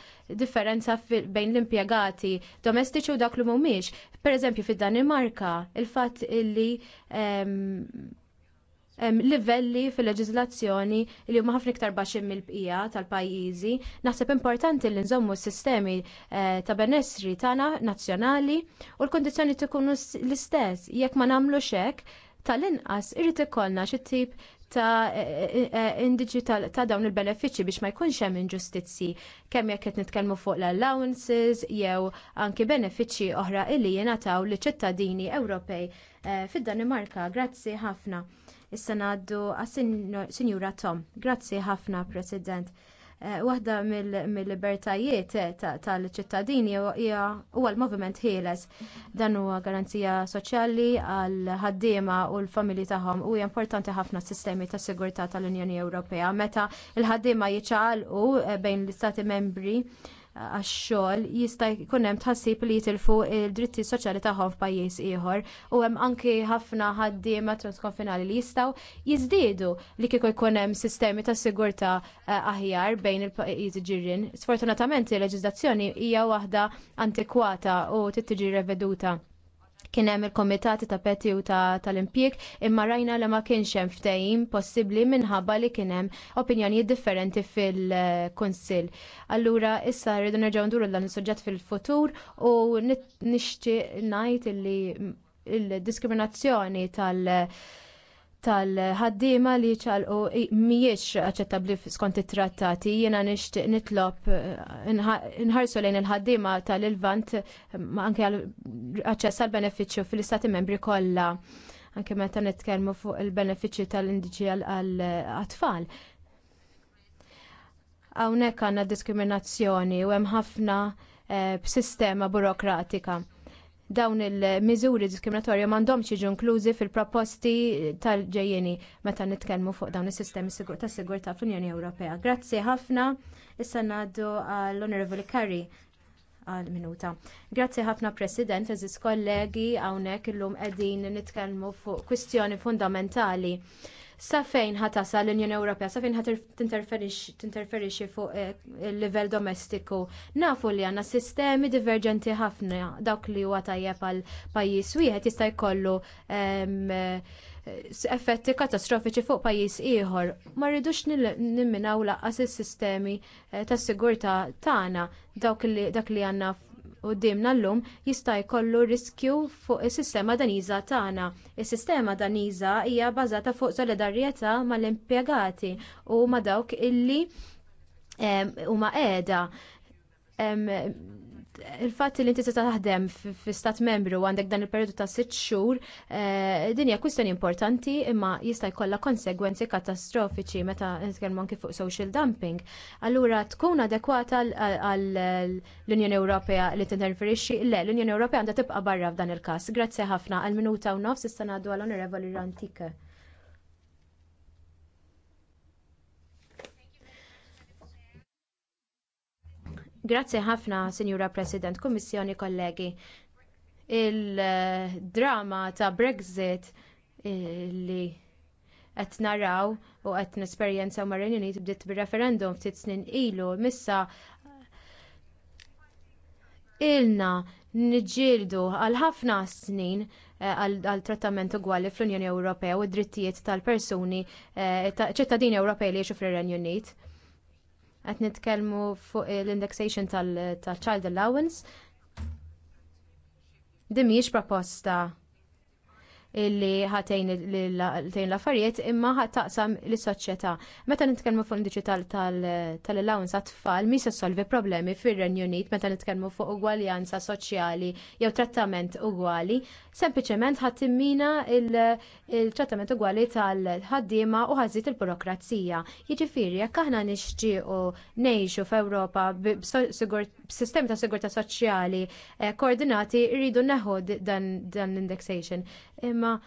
Speaker 3: differenza bejn l-impjegati domestiċi u dak li mhumiex. Pereżempju fid-Danimarka, il-fatt illi livelli fil-leġizlazzjoni li huma ħafna iktar baxxi mill-bqija tal-pajjiżi, naħseb importanti li nżommu s-sistemi eh, ta' benessri tagħna nazzjonali u l-kondizzjoni tkunu l-istess jekk ma nagħmlu hekk tal-inqas irid ikollna xi tip ta' eh, eh, indiġi ta' dawn il-benefiċċji biex ma jkunx hemm inġustizzi kemm jekk qed nitkellmu fuq l-allowances jew anki benefiċċji oħra illi jingħataw liċ ċittadini Ewropej fid-Danimarka. Grazzi ħafna. Issa ngħaddu għas-Sinjura Tom. Grazzi ħafna, President. Eh, waħda mill-libertajiet tal-ċittadini huwa l-moviment ħieles. Dan huwa garanzija soċjali għal ħaddiema u l-familji tagħhom u importanti ħafna s-sistemi ta' sigurtà tal-Unjoni Ewropea meta l ħaddiema jiċċaqalqu eh, bejn l-Istati membri għax-xogħol jista' jkun hemm tħassib li jitilfu l-dritti soċjali tagħhom f'pajjiż ieħor u hemm anki ħafna ħaddiema transkonfinali li jistgħu jiżdiedu li kieku jkun hemm sistemi ta' sigurtà eh, aħjar bejn il-pajjiżi ġirien. Sfortunatament il-leġiżlazzjoni hija waħda antikwata u tittiġi reveduta kien hemm il-komitati ta' peti u tal-impjek imma rajna li ma kienx hemm ftehim possibbli minħabba li kien hemm opinjonijiet differenti fil-Kunsill. Allura issa rridu nerġgħu nduru dan is-suġġett fil-futur u nixtieq ngħid li il-diskriminazzjoni tal- tal-ħaddiema li ċalqu mhijiex aċċettabbli skont it-trattati. Jiena nixtieq nitlob eh, inħarsu lejn il-ħaddiema tal-Ilvant eh, anke aċċess għall benefiċċju fil-istati membri kollha anke meta nitkellmu fuq il-benefiċċji tal-indiġi għall-atfal. Eh, Hawnhekk għandna diskriminazzjoni u hemm ħafna b'sistema burokratika dawn il-miżuri diskriminatorja m'għandhomx jiġu inklużi fil-proposti tal-ġejjeni meta nitkellmu fuq dawn is-sistemi ta' sigurtà fl-Unjoni Ewropea. Grazzi ħafna. Issa ngħaddu għall onorevoli Kerry għal minuta. Grazzi ħafna President, eżis kollegi hawnhekk illum qegħdin nitkellmu fuq kwistjoni fundamentali sa fejn ħatasa l-Unjoni Ewropea, sa fejn ħat tinterferixi fuq eh, il-livell domestiku. Nafu li għandna sistemi diverġenti ħafna dawk li huwa tajjeb għal pajjiż wieħed jista' jkollu ehm, eh, effetti katastrofiċi fuq pajjiż ieħor. Ma rridux nimminaw laqqas is-sistemi eh, tas-sigurtà tagħna dak li għandna qudiemna llum jista' jkollu riskju fuq is-sistema daniża tagħna. Is-sistema daniża hija bbażata fuq solidarjetà mal-impjegati u ma' dawk illi huma qiegħda il-fatt li inti se taħdem fi stat membru għandek dan il-periodu ta' sitt xhur eh, din hija kwistjoni importanti imma jista' jkollha konsegwenzi katastrofiċi meta nitkellmu anke fuq social dumping. Allura tkun adekwata għall-Unjoni Ewropea li tinterferixxi? Le, l-Unjoni Ewropea għandha tibqa' barra f'dan il-każ. Grazzi ħafna għal minuta u nofs issa ngħaddu għall-Onorevoli Rantike. Grazzi ħafna, Sinjura President, Kummissjoni, kollegi. Il-drama ta' Brexit li qed naraw u qed nesperjenza mar renju Unit bdiet bir-referendum ftit snin ilu missa ilna niġġieldu għal ħafna snin eh, għal trattament ugwali fl-Unjoni Ewropea u d-drittijiet tal-persuni eh, ċittadini Ewropej li jgħixu fir-Renju Unit Qed nitkellmu fuq l-indexation tal-child allowance. Din mhijiex proposta illi ħatejn l-affarijiet imma taqsam l-soċjetà. Meta nitkellmu fuq il-diġital tal-allowance għat-tfal mi solvi problemi fir-Renju Unit meta nitkellmu fuq ugwaljanza soċjali jew trattament ugwali, sempliċement ħattimmina il-trattament ugwali tal-ħaddiema u ħażit il-burokrazija. Jiġifieri jekk aħna nixtiequ ngħixu f'Ewropa b'sistemi ta' sigurtà soċjali eh, koordinati rridu neħod dan l-indexation. Imma imma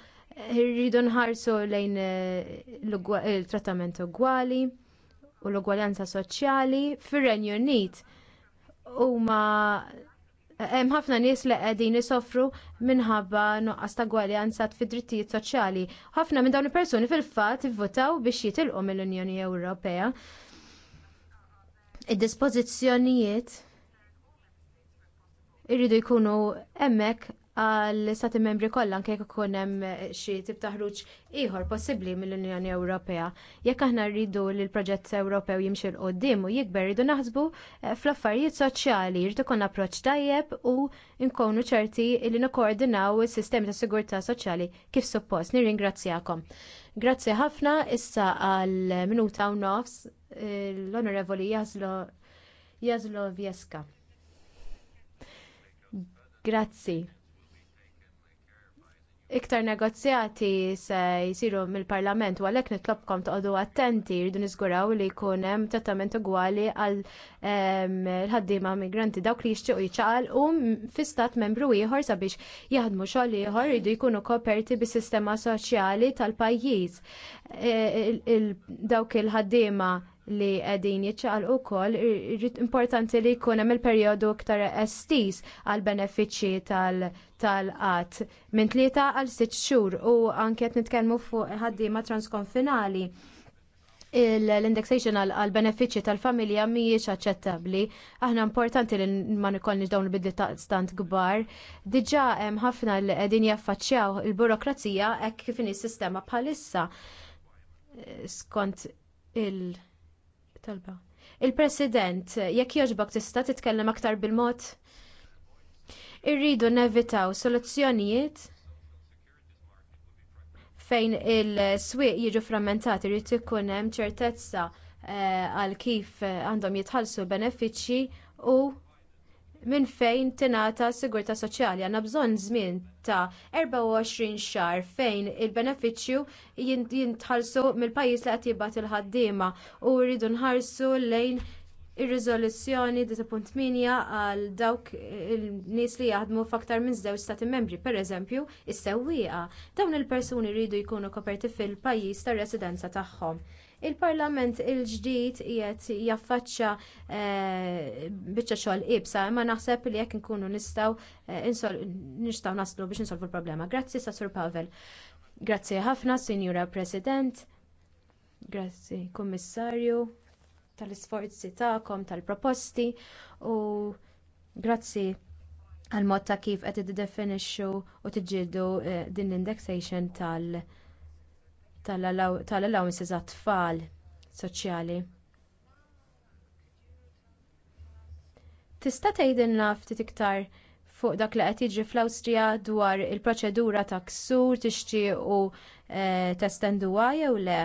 Speaker 3: rridu nħarsu lejn eh, il-trattament ugwali u l-ugwaljanza soċjali fir-Renju Unit huma hemm ħafna nies li qegħdin isofru minħabba nuqqas ta' gwaljanza fid-drittijiet soċjali. Ħafna minn dawn il-persuni fil-fatt ivvotaw biex jitilqu mill-Unjoni Ewropea. Id-dispożizzjonijiet irridu jkunu hemmhekk għal istati membri kollha anke jekk ikun hemm xi tip ta' ħruġ ieħor possibbli mill-Unjoni Ewropea. Jekk aħna rridu li l-proġett Ewropew jimxi l qoddim u jikber rridu naħsbu eh, fl-affarijiet soċjali, jrid ikun approċċ tajjeb u nkunu ċerti li nikkoordinaw is-sistemi ta' sigurtà soċjali kif suppost. Nirringrazzjakom. Grazzi ħafna issa għal minuta u nofs eh, l-Onorevoli Jazlo Jazlo Vieska. Grazzi iktar negozjati se jsiru mill-Parlament u għalhekk nitlobkom toqgħodu attenti rridu niżguraw li jkun hemm trattament ugwali għal ħaddiema migranti dawk li jixtiequ jiċċaqalqu fi stat membru ieħor sabiex jaħdmu xogħol ieħor jridu jkunu koperti bis-sistema soċjali tal-pajjiż. E, dawk il-ħaddiema li qegħdin jiċċaqalqu wkoll importanti li jkun hemm il-perjodu iktar estis għal benefiċċji tal-qatt minn tlieta għal sitt xhur u anke qed nitkellmu fuq ħaddiema transkonfinali l-indexation għal benefiċċji tal-familja mhijiex aċċettabbli. Aħna importanti li ma nikolni dawn il-bidli ta' stant kbar. Diġà hemm ħafna li qegħdin jaffaċċjaw il-burokrazija hekk kif sistema bħalissa eh, skont il- Talba. Il-President, jekk jogħġbok tista' titkellem aktar bil-mod? Irridu nevitaw soluzzjonijiet fejn il-swieq jiġu frammentati rrid ikun hemm ċertezza eh, għal kif eh, għandhom jitħallsu l benefiċċji u minn fejn tingħata s-sigurtà soċjali għandna bżonn żmien ta' 24 xahar fejn il-benefiċċju jintħallsu mill-pajjiż li qed jibgħat il-ħaddiema u rridu nħarsu lejn ir-riżoluzzjoni 10.8 għal dawk il-nies li jaħdmu f'aktar minn żewġ stati membri, pereżempju is-sewwieqa. Dawn il-persuni rridu jkunu koperti fil-pajjiż tar-residenza tagħhom. Il-Parlament il-ġdid qiegħed jaffaċċja eh, biċċa xogħol ibsa, imma naħseb li jekk inkunu nistaw eh, nistaw naslu biex insolvu l-problema. Grazzi sa Sur Pavel. Grazzi ħafna, Signora President. Grazzi, Kommissarju tal-isforzi tagħkom, tal-proposti u grazzi għal mod ta' kif qed definisġu u t-ġiddu eh, din l-indexation tal- tal-allowances għat-tfal soċjali. Tista' tgħidilna ftit iktar fuq dak li qed jiġri fl-Awstrija dwar il-proċedura ta' ksur tixtiequ eh, testenduha jew le?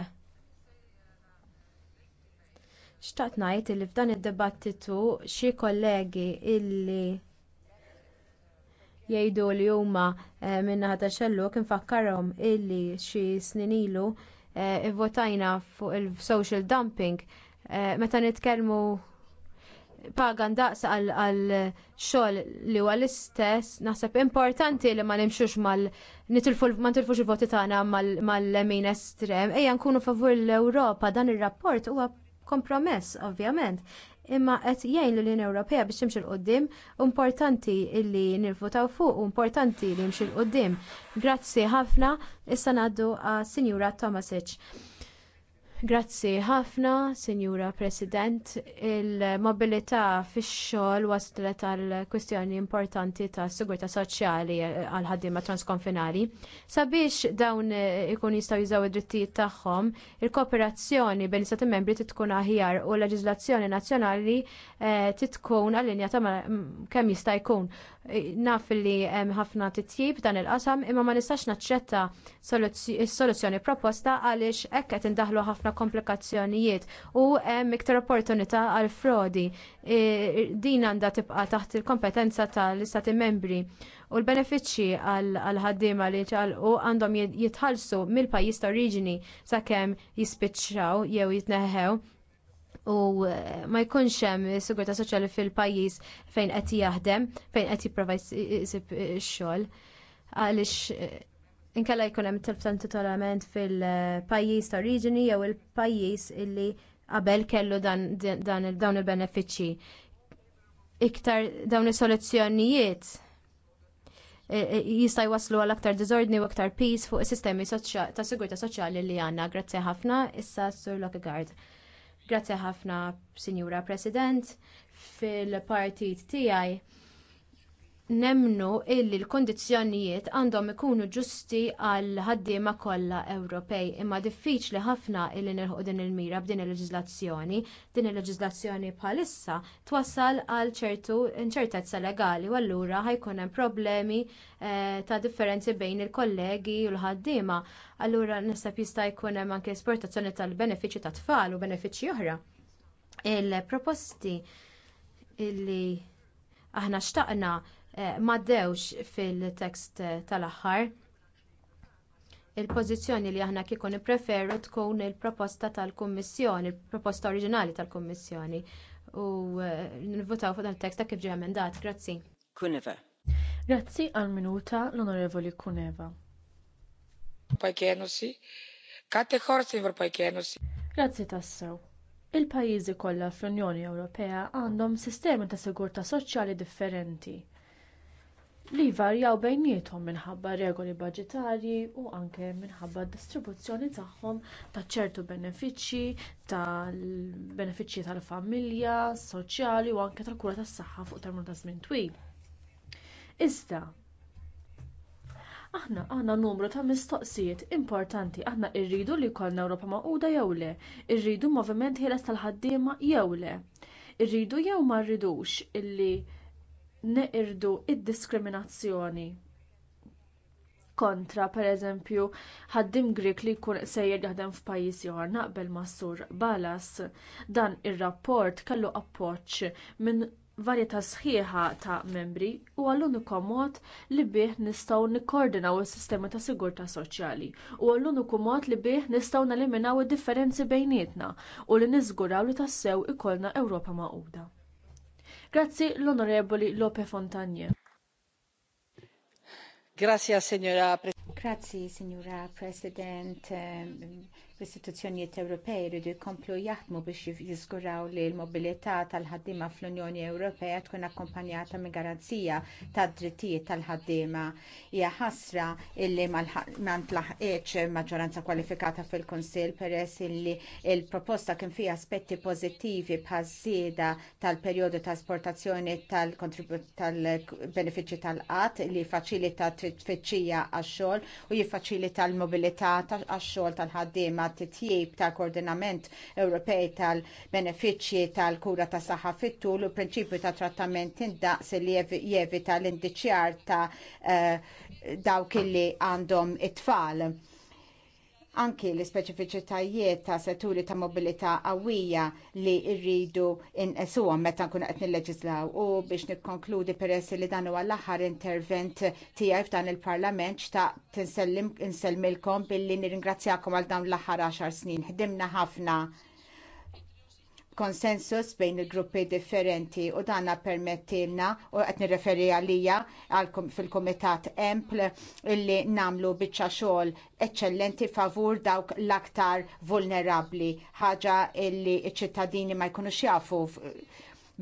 Speaker 3: Xtaqt ngħid li f'dan id-dibattitu xi kollegi illi jgħidu li huma eh, minnaħa ta' xellu xelluk infakkarhom illi xi snin ilu eh, ivvotajna fuq il-social dumping eh, meta nitkellmu paga daqs għal xogħol li huwa l-istess, naħseb importanti li ma nimxux mal ma nitilfux il-voti tagħna mal-lemin estrem, ejja nkunu favur l-Ewropa dan ir-rapport huwa kompromess ovvjament imma qed jgħin l-Unjoni Ewropea biex timxi l-qoddim, importanti li nivvotaw fuq u importanti li jimxi l-qoddim. Grazzi ħafna, issa ngħaddu għas Sinjura Tomasic. Grazzi ħafna, Sinjura President. Il-mobilità fix-xogħol waslet għal kwistjoni importanti ta' sigurtà soċjali eh, għal ħaddiema transkonfinali. Sabiex dawn eh, ikun jistgħu jużaw id-drittijiet tagħhom, il-kooperazzjoni bejn istati membri titkun aħjar u l-leġiżlazzjoni nazzjonali eh, titkun allinjata kemm jista' jkun. Naf li hemm ħafna titjib dan il-qasam imma ma nistax naċċetta s soluzzjoni proposta għaliex hekk qed indaħlu ħafna ta' komplikazzjonijiet u hemm iktar opportunità għal frodi. E, din għandha tibqa' taħt il-kompetenza tal-Istati membri u l-benefiċċji għal ħaddiema li ċalqu għandhom jitħallsu mill-pajjiż ta' oriġini sakemm jispiċċaw jew jitneħħew u e, ma jkunx hemm sigurtà soċjali fil-pajjiż fejn qed jaħdem, fejn qed jipprova jsib ix-xogħol e, għaliex inkella jkun hemm tilf intitolament fil-pajjiż ta' oriġini jew il-pajjiż illi qabel kellu dawn il-benefiċċji. Iktar dawn is-soluzzjonijiet e, e, jista' waslu għal aktar diżordni u aktar peace fuq is-sistemi ta' sigurtà soċjali li għandna. Grazzi ħafna issa Sur Lockegaard. Grazzi ħafna, Sinjura President, fil-partit tiegħi Nemmnu illi l-kundizzjonijiet għandhom ikunu ġusti għal ħaddiema kollha Ewropej imma diffiċli ħafna illi nilħu din il-mira b'din il-leġiżlazzjoni. Din il-leġiżlazzjoni bħalissa twassal għal ċertu inċertezza legali u allura ħajkun hemm problemi eh, ta' differenzi bejn il-kollegi u l-ħaddiema. Allura nisab jista' jkun hemm anke esportazzjoni tal-benefiċċji ta' tfal u benefiċċji oħra. Il-proposti illi aħna xtaqna Eh, maddewx fil-tekst eh, tal-aħħar. Il-pożizzjoni li aħna kieku nippreferu tkun il-proposta tal-Kummissjoni, il-proposta oriġinali tal-Kummissjoni u eh, nivvotaw fuq dan il tekst ta' kif ġie emendat. Grazzi. Kuneva. Grazzi għal
Speaker 4: minuta l-Onorevoli Kuneva.
Speaker 1: Pajkenosi. Kate ħorsi pajkenosi.
Speaker 4: Grazzi tassaw. Il-pajjiżi kollha fl-Unjoni Ewropea għandhom sistemi ta' sigurtà soċjali differenti li jvarjaw bejniethom minħabba regoli baġitarji u anke minħabba d-distribuzzjoni tagħhom ta' ċertu benefiċċji tal-benefiċċji tal-familja soċjali u anke tal-kura tas-saħħa fuq termin ta' żmien twil iżda aħna għandna numru ta' mistoqsijiet importanti aħna rridu li jkollna Ewropa Magħquda jew le, irridu moviment ħieles tal-ħaddiema jew le. Irridu jew ma rridux illi neqirdu id-diskriminazzjoni kontra pereżempju ħaddim grek li jkun sejjer jaħdem f'pajjiż ieħor naqbel ma sur Balas dan ir-rapport kellu appoġġ minn varjetà sħiħa ta' membri u għall-uniku mod li bih nistgħu nikkoordinaw is-sistema ta' sigurtà soċjali u għall-uniku mod li bih nistgħu neliminaw id-differenzi bejnietna u li niżguraw li tassew ikollna Ewropa Magħquda. Grazzi l-Onorevoli Lope Fontagne. Grazie, signora Presidente. Grazie, signora Presidente
Speaker 1: l-istituzzjonijiet Ewropej jridu jkomplu jaħdmu biex jiżguraw li l-mobilità tal-ħaddiema fl-Unjoni Ewropea tkun akkompanjata minn garanzija tad drittijiet tal-ħaddiema. Hija ħasra illi ma ntlaħqitx maġġoranza kwalifikata fil-Kunsill peress illi il-proposta kien fiha aspetti pożittivi bħal żieda tal-perjodu ta' esportazzjoni tal-benefiċċji tal-qatt li faċilita t-tfittxija għax-xogħol u jiffaċilita l-mobilità għax-xogħol tal-ħaddiema titjib tal-koordinament Ewropej tal-benefiċċji tal-kura ta' saħħa fit-tul u prinċipju ta' trattament indaqs li jevita l-indiċjar ta' eh, dawk illi għandhom it-tfal anki l-ispeċifiċitajiet ta' setturi ta' mobilità qawwija li rridu inqesuhom meta nkunu qed nilleġislaw u biex nikkonkludi peress li dan huwa l-aħħar intervent tiegħi f'dan il-Parlament ta' tinsellmilkom billi nirringrazzjakom għal dawn l-aħħar 10 snin. Ħdimna ħafna konsensus bejn il-gruppi differenti u danna permettilna u qed nirreferi għalija fil kumitat EMPL illi nagħmlu biċċa xogħol eċċellenti favur dawk l-aktar vulnerabbli ħaġa illi ċ-ċittadini ma jkunux jafu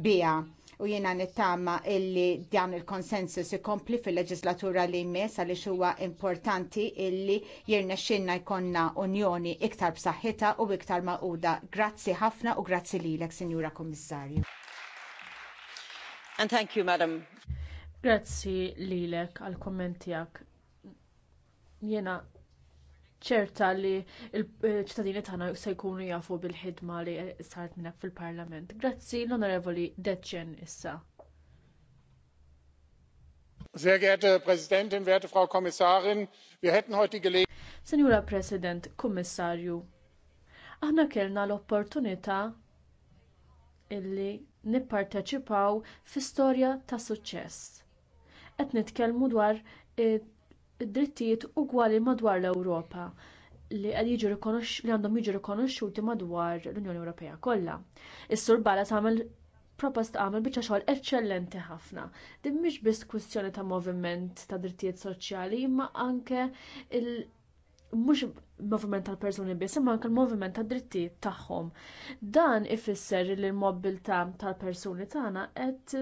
Speaker 1: biha u jiena nittama illi dan il-konsensus ikompli fil-leġislatura li jmiss għaliex huwa importanti illi jirnexxinna jkollna unjoni iktar bsaħħita u iktar maquda. Grazzi ħafna u grazzi lilek, Sinjura Kummissarju.
Speaker 4: And thank you, Madam. Grazzi lilek għal kommentijak. Jena ċerta li l-ċittadini tagħna se jkunu jafu bil-ħidma li saret minnek fil-Parlament. Grazzi l-Onorevoli Deċen issa.
Speaker 2: Sehr geehrte
Speaker 3: Präsidentin, werte Frau Kommissarin, wir hätten heute die Gelegenheit.
Speaker 4: Senjura President, Kommissarju, aħna kellna l-opportunità illi nipparteċipaw fi storja ta' suċċess. Qed nitkellmu dwar drittijiet ugwali madwar l-Ewropa li jiġu li għandhom jiġu rikonoxxuti madwar l-Unjoni Ewropea kollha. Is-Sur Bala tagħmel propost għamel biċċa xogħol eċċellenti ħafna. Din mhix biss kwistjoni ta' moviment ta' drittijiet soċjali, imma anke il- mhux moviment tal-persuni biss, imma anke l-moviment tad-drittijiet tagħhom. Dan ifisser li l-mobilità tal-persuni tagħna qed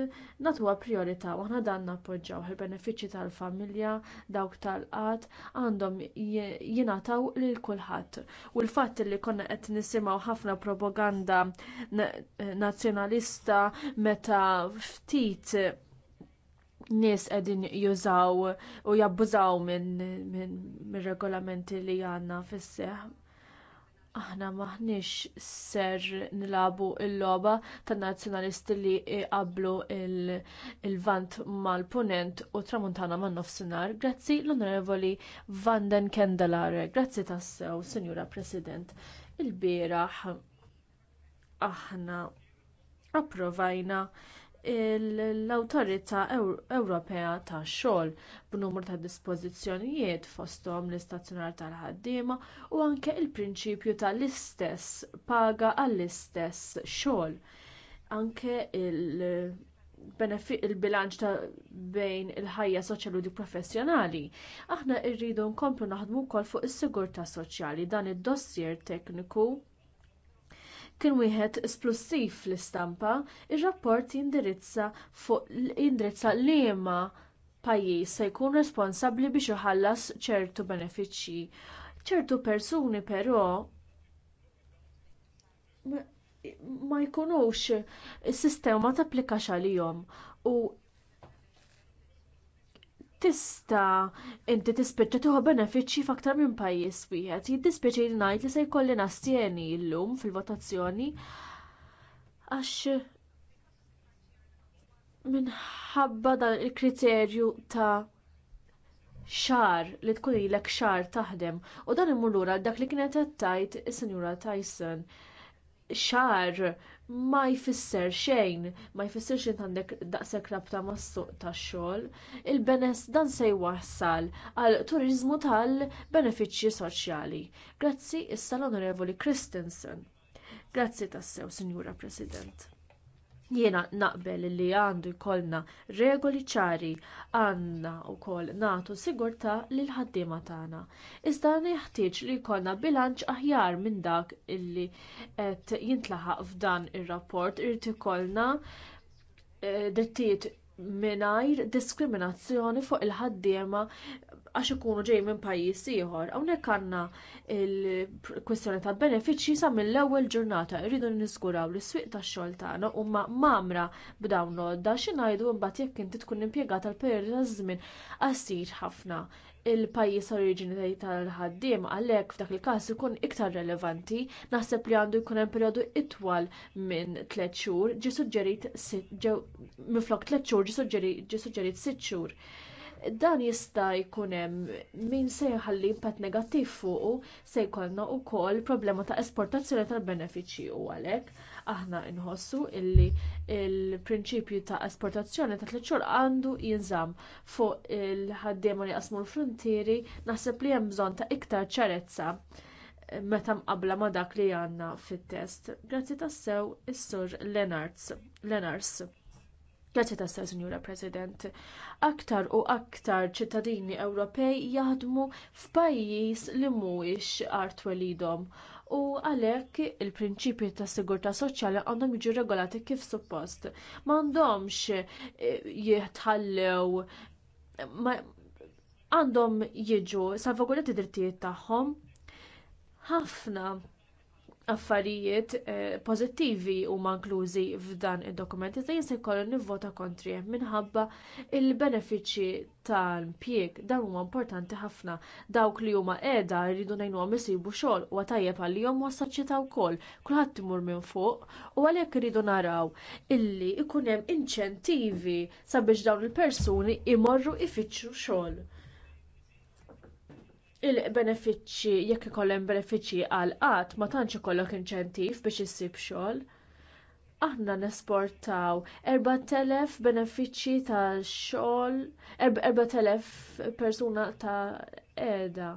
Speaker 4: nagħtuha priorità u aħna dan nappoġġaw il-benefiċċji tal-familja, dawk tal qat għandhom jingħataw lil kulħadd. U l-fatt li konna qed nisimgħu ħafna propaganda nazzjonalista meta ftit nies qegħdin jużaw u jabbużaw minn min, min regolamenti li għandna fis-seħħ. Aħna maħniex ser nilabu l-logħba tan nazzjonalisti li qablu il-vant il mal-punent u tramuntana man nofsinhar. Grazzi l-Onorevoli Vanden Kendelare. Grazzi tassew, Sinjura President. il biraħ aħna approvajna l-Awtorità Ewropea tax-xogħol b'numru ta' dispożizzjonijiet fosthom l-istazzjonar tal-ħaddiema u anke l-prinċipju tal-istess paga għall-istess xogħol. Anke il-bilanċ bejn il-ħajja soċjali u dik professjonali. Aħna rridu nkomplu naħdmu wkoll fuq is-sigurtà soċjali dan id-dossier tekniku kien wieħed splussiv fl-istampa, ir-rapport jindirizza fuq jindirizza liema pajjiż se jkun responsabbli biex iħallas ċertu benefiċċji. ċertu persuni però ma jkunux is-sistema tapplikax għalihom u tista' inti tispiċċa tieħu benefiċċji f'aktar minn pajjiż wieħed. Jiddispjaċi li ngħid li se jkolli nastieni llum fil-votazzjoni għax minħabba dan il-kriterju ta' xar li tkun ilek xar taħdem u dan imur lura dak li kienet qed tgħid is-Sinjura Tyson xar ma jfisser xejn, ma jfisser xejn għandek daqshekk rabta mas-suq tax-xogħol, il-benes dan se jwassal għal turiżmu tal-benefiċċji soċjali. Grazzi issa l-Onorevoli Christensen. Grazzi tassew, Sinjura President. Jiena naqbel li għandu jkollna regoli ċari għandna wkoll nagħtu sigurtà lil ħaddiema tagħna. Iżda neħtieġ li jkollna bilanċ aħjar minn dak illi qed jintlaħaq f'dan ir-rapport irid ikollna eh, drittijiet mingħajr diskriminazzjoni fuq il-ħaddiema għax ikunu ġej minn pajjiż ieħor. Hawnhekk għandna l-kwistjoni tal benefiċċji sa mill-ewwel ġurnata rridu niżguraw li s-swieq tax-xogħol tagħna huma mamra b'dawn l-għodda xi ngħidu mbagħad jekk inti tkun impjegata għal perjodu ta' żmien qasir ħafna il-pajjiż oriġini tal-ħaddiem għalhekk f'dak il-każ ikun iktar relevanti naħseb li għandu jkun hemm perjodu itwal minn tliet xhur ġie suġġerit tliet xhur ġie suġġerit sitt xhur dan jista' jkun hemm min se jħalli impatt negattiv fuqu se jkollna wkoll problema ta' esportazzjoni tal-benefiċċji u għalhekk aħna nħossu li l prinċipju ta' esportazzjoni ta' tliet xogħol għandu jinżamm fuq il-ħaddiema li jaqsmu l-frontieri naħseb li hemm bżonn ta' iktar ċarezza meta mqabbla ma' dak li għandna fit-test. Grazzi tassew is-sur Lenards. Grazie tassa, Signora President. Aktar u aktar ċittadini Ewropej jaħdmu f'pajjiż li mhuwiex art welidhom u għalhekk il-prinċipji tas sigurtà soċjali għandhom jiġu regolati kif suppost. M'għandhomx eh, jitħallew għandhom jiġu salvagurati drittijiet tagħhom. Ħafna affarijiet eh, pożittivi huma inklużi f'dan id-dokument iżda se jkollu nivvota kontri minħabba l-benefiċċji tal-impjieg dawn huma importanti ħafna dawk li huma qiegħda jridu ngħinuhom isibu xogħol huwa tajjeb għalihom u s wkoll kulħadd imur minn fuq u għalhekk iridu naraw illi jkun hemm inċentivi sabiex dawn il-persuni jmorru jfittxu xogħol il-benefiċċji jekk ikollhom benefiċċji għal qatt ma tantx ikollok inċentiv biex issib xogħol. Aħna nesportaw 4,000 benefiċċji ta' xogħol, 4,000 persuna ta' qiegħda.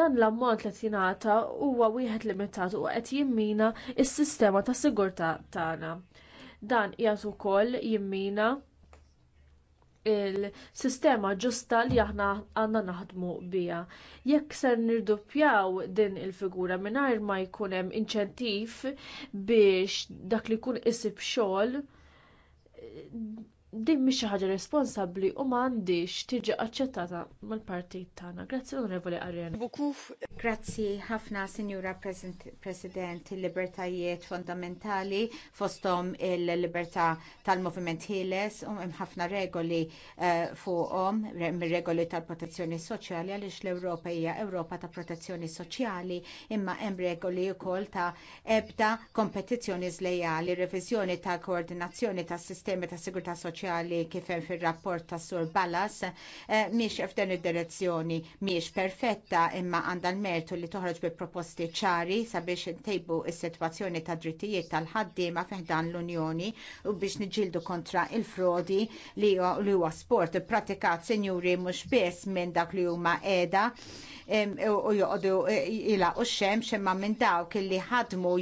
Speaker 4: Dan l-ammont li tingħata huwa wieħed limitat u qed jimmina s-sistema ta' sigurtà tagħna. Dan jagħtu wkoll jimmina il-sistema ġusta li aħna għandna naħdmu biha. Jekk se nirdupjaw din il-figura mingħajr ma jkun hemm inċentiv biex dak li jkun isib xogħol din mhix xi ħaġa responsabbli u m'għandix tiġi aċċettata mill-partit tagħna. Grazzi Onorevoli Bukuf. Grazzi ħafna Sinjura President il-libertajiet
Speaker 1: fondamentali fosthom il-libertà tal-moviment ħieles u hemm ħafna regoli eh, fuqhom regoli tal-protezzjoni soċjali għaliex l-Ewropa hija Ewropa ta' protezzjoni soċjali imma hemm regoli wkoll ta' ebda kompetizzjoni żlejali, reviżjoni tal koordinazzjoni tas sistemi ta' sigurtà soċjali soċjali kif hemm fir-rapport ta' Sur Balas eh, mhix f'dan id-direzzjoni mhix perfetta imma għandha l-mertu li toħroġ bi proposti ċari sabiex intejbu is-sitwazzjoni ta' drittijiet tal-ħaddiema fiħdan l-Unjoni u biex niġildu kontra il-frodi li huwa sport pratikat sinjuri mhux biss minn dak li huma qiegħda u joqogħdu e, jilaqgħu x-xemx imma minn dawk li ħadmu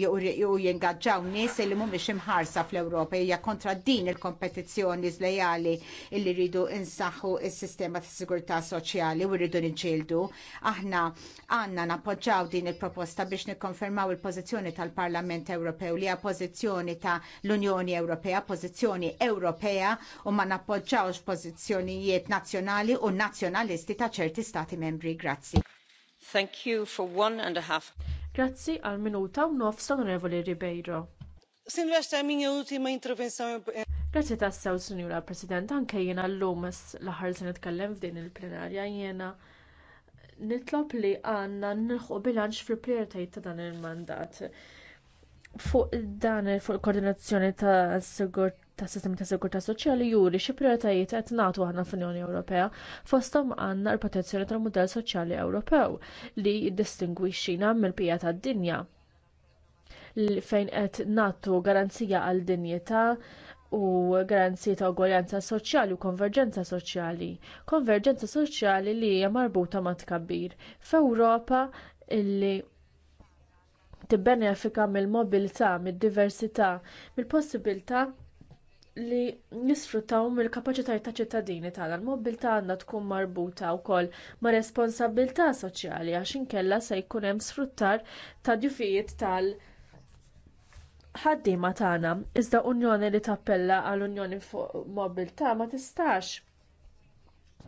Speaker 1: u jingaġġaw nies li mhumiex imħarsa fl-Ewropa hija kontra din il-kompetizzjoni kummerċjali zlejali illi rridu insaħħu s-sistema ta' sigurtà soċjali u rridu niġġieldu. Aħna għandna nappoġġaw din il-proposta biex nikkonfermaw il-pożizzjoni tal-Parlament Ewropew li hija pożizzjoni ta' l-Unjoni Ewropea, pożizzjoni Ewropea u ma nappoġġawx pożizzjonijiet nazzjonali u nazzjonalisti ta' ċerti stati membri. Grazzi.
Speaker 4: Thank you for one and a half. Grazzi għal minuta u nofs onorevoli Ribeiro. Sin l-għaxta minja ultima intervenzjoni Grazzi tas-sew Sinjura President, anke jiena llum l-aħħar se nitkellem f'din il-plenarja jiena nitlob li għandna nilħu bilanċ fil-prijoritajiet ta' dan il-mandat. Fuq dan fuq il-koordinazzjoni ta' sigur ta' sistemi ta' sigurtà soċjali juri xi prijoritajiet qed nagħtu aħna fl-Unjoni Ewropea fosthom għandna l-protezzjoni tal-mudell soċjali Ewropew li jiddistingwixxina mill pija tad-dinja fejn qed nagħtu garanzija għal dinjità u garanzji ta' ugwaljanza soċjali u konverġenza soċjali. Konverġenza soċjali li hija marbuta ma' tkabbir. F'Ewropa illi tibbenefika mill-mobilità, mid-diversità, mill-possibilità li nisfruttaw mill-kapaċitajiet ta' ċittadini tagħna. L-mobilità għandha tkun marbuta wkoll ma' responsabilità soċjali għax inkella se jkun hemm sfruttar ta' djufijiet tal- ħaddiema tagħna iżda Unjoni li tappella għal Unjoni fuq mobilità ma tistax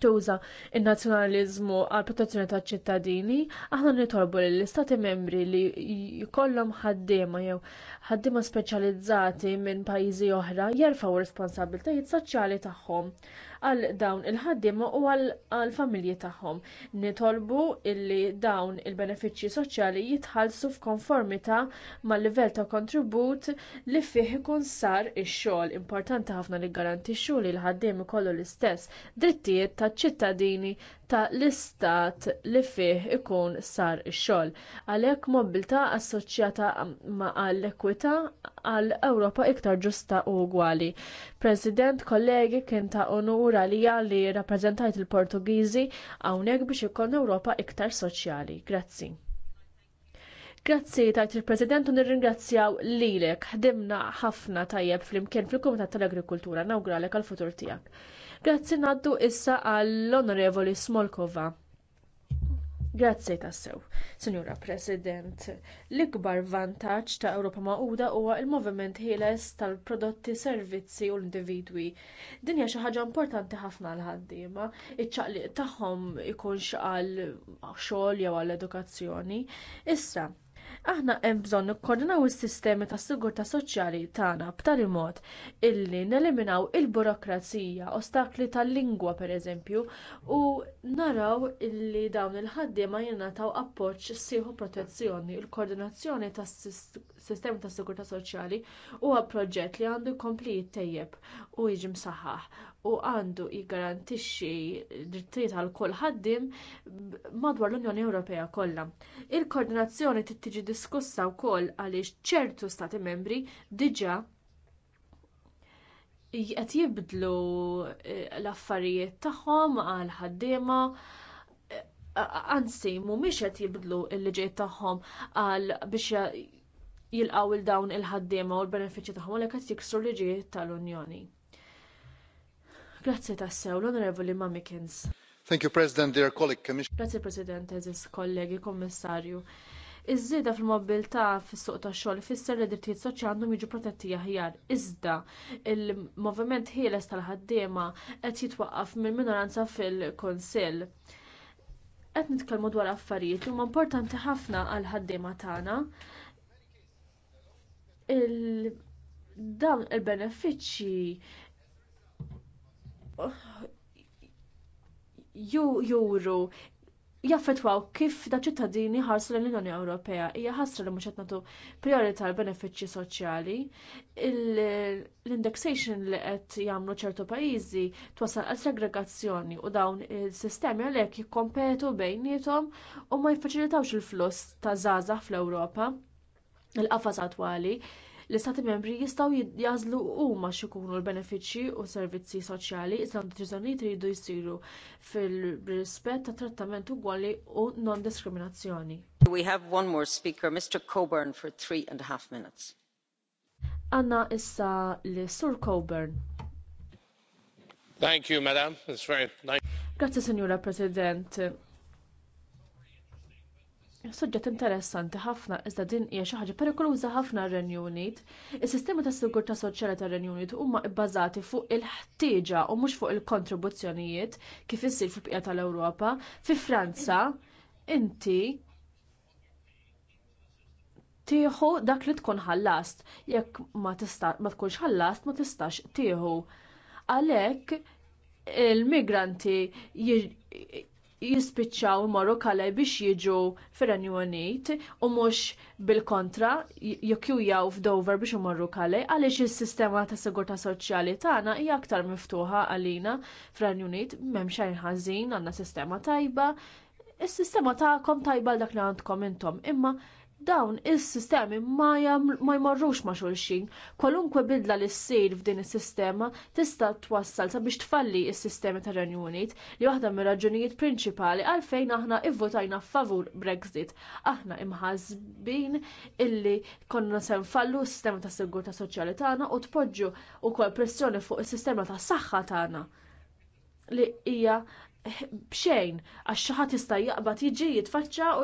Speaker 4: tuża in-nazzjonaliżmu għal protezzjoni taċ-ċittadini, aħna nitolbu lill istati membri li jkollhom ħaddiema jew ħaddiema speċjalizzati minn pajjiżi oħra jerfgħu r-responsabbiltajiet soċjali tagħhom għal dawn il-ħaddiema u għal familji tagħhom. Nitolbu illi dawn il-benefiċċji soċjali jitħallsu f'konformità mal-livell ta' kontribut li fih ikun sar ix-xogħol. Importanti ħafna li garantixxu li l-ħaddiem ikollu l-istess drittijiet taċ-ċittadini ta' l-istat li fih ikun sar ix-xogħol. Għalhekk mobilità assoċjata għall-ekwità għall Ewropa iktar ġusta u ugwali. President kollegi kien ta' onura lija li rappreżentajt il-Portugiżi hawnhekk biex ikun Ewropa iktar soċjali. Grazzi. Grazzi tajt il-President u nirringrazzjaw lilek ħdimna ħafna tajjeb flimkien fil-Kumitat tal-Agrikultura nawgralek għal-futur tiegħek. Grazzi ngħaddu issa għall-Onorevoli Smolkova. Grazzi tassew, Sinjura President. L-ikbar vantaġġ ta' Ewropa Magħquda huwa l moviment ħieles tal-prodotti, servizzi u l-individwi. Din hija xi ħaġa importanti ħafna għal ħaddiema, iċ-ċaqliq tagħhom ikunx għal xogħol jew għall edukazzjoni. Issa, Aħna hemm bżonn nikkoordinaw is-sistemi tas-sigurtà soċjali tagħna b'tali mod illi neliminaw il-burokrazija, ostakli tal-lingwa pereżempju, u naraw illi dawn il-ħaddiema jingħataw appoġġ sieħu protezzjoni. Il-koordinazzjoni tas-sistemi tas-sigurtà soċjali huwa proġett li għandu jkompli jittejjeb u jiġi msaħħaħ u għandu jiggarantixxi drittijiet għal kull ħaddiem madwar l-Unjoni Ewropea kollha. Il-koordinazzjoni trid tiġi diskussa wkoll għaliex ċertu stati membri diġà qed jibdlu e, l-affarijiet tagħhom għal ħaddiema e, anzi mhumiex qed jibdlu l-liġijiet tagħhom għal biex jilqgħu il dawn il-ħaddiema u l-benefiċċji tagħhom għalhekk qed jiksru l-liġijiet tal-Unjoni. Grazzi tassew onorevoli
Speaker 2: Thank you, President, dear colleague, Commissioner.
Speaker 4: Grazzi, President, eżis kollegi, kommissarju. Iż-żieda fil-mobilità fis-suq tax-xogħol ifisser li d-drittijiet soċjali għandhom jiġu protetti aħjar. Iżda il-moviment ħieles tal-ħaddiema qed jitwaqqaf mill-minoranza fil-Kunsill. Qed nitkellmu dwar affarijiet li huma importanti ħafna għal ħaddiema tagħna. Il dawn il-benefiċċji juru jaffetwaw kif da ċittadini ħarsu l-Unjoni Ewropea hija ħasra li mhux qed nagħtu priorità l benefiċċji soċjali. L-indexation li qed jagħmlu ċertu pajjiżi twassal għal segregazzjoni u dawn is-sistemi għalhekk jikkompetu bejniethom u ma jiffaċilitawx il-fluss ta' żgħażagħ fl-Ewropa. Il-qafas attwali L-istati membri jistgħu jażlu huma x'ikunu l-benefiċċji u s servizzi soċjali iżda deċiżjonijiet iridu jsiru fil-rispett ta' trattament ugwali u non-diskriminazzjoni.
Speaker 1: We have one more speaker, Mr. Coburn, for three and a half minutes.
Speaker 4: Anna issa li Sur Coburn.
Speaker 2: Thank you, Madam. It's very nice.
Speaker 4: Grazie, Signora President Suġġett interessanti ħafna iżda din hija xi ħaġa perikoluża ħafna r-Renju Unit. Is-sistema tas-sigurtà soċjali tar-Renju Unit huma bbażati fuq il-ħtieġa u mhux fuq il-kontribuzzjonijiet kif issir fil-bqija tal-Ewropa. Fi Franza inti tieħu dak li tkun ħallast. Jekk ma tista' ma tkunx ħallast ma tistax tieħu. Għalhekk il-migranti jispiċċaw marru biex jiġu fir-Renju Unit u mhux bil-kontra jokkjujaw f'Dover biex imorru kalej għaliex is-sistema ta' sigurtà soċjali tagħna hija aktar miftuħa għalina fir-Renju Unit m'hemm xejn ħażin għandna sistema tajba. Is-sistema tagħkom tajba l dak li għandkom intom imma dawn is-sistemi ma jmorrux ma' xulxin. Kwalunkwe bidla li ssir f'din is-sistema tista' twassal sabiex tfalli s-sistemi tar-Renju Unit li waħda mir-raġunijiet prinċipali għalfejn aħna ivvotajna favur Brexit. Aħna imħazbin illi konna se nfallu s-sistema tas sigurtà soċjali tagħna u tpoġġu wkoll pressjoni fuq is-sistema tas saħħa tagħna li hija bxejn għax xi ħadd jista' jaqbad jiġi jitfaċċa u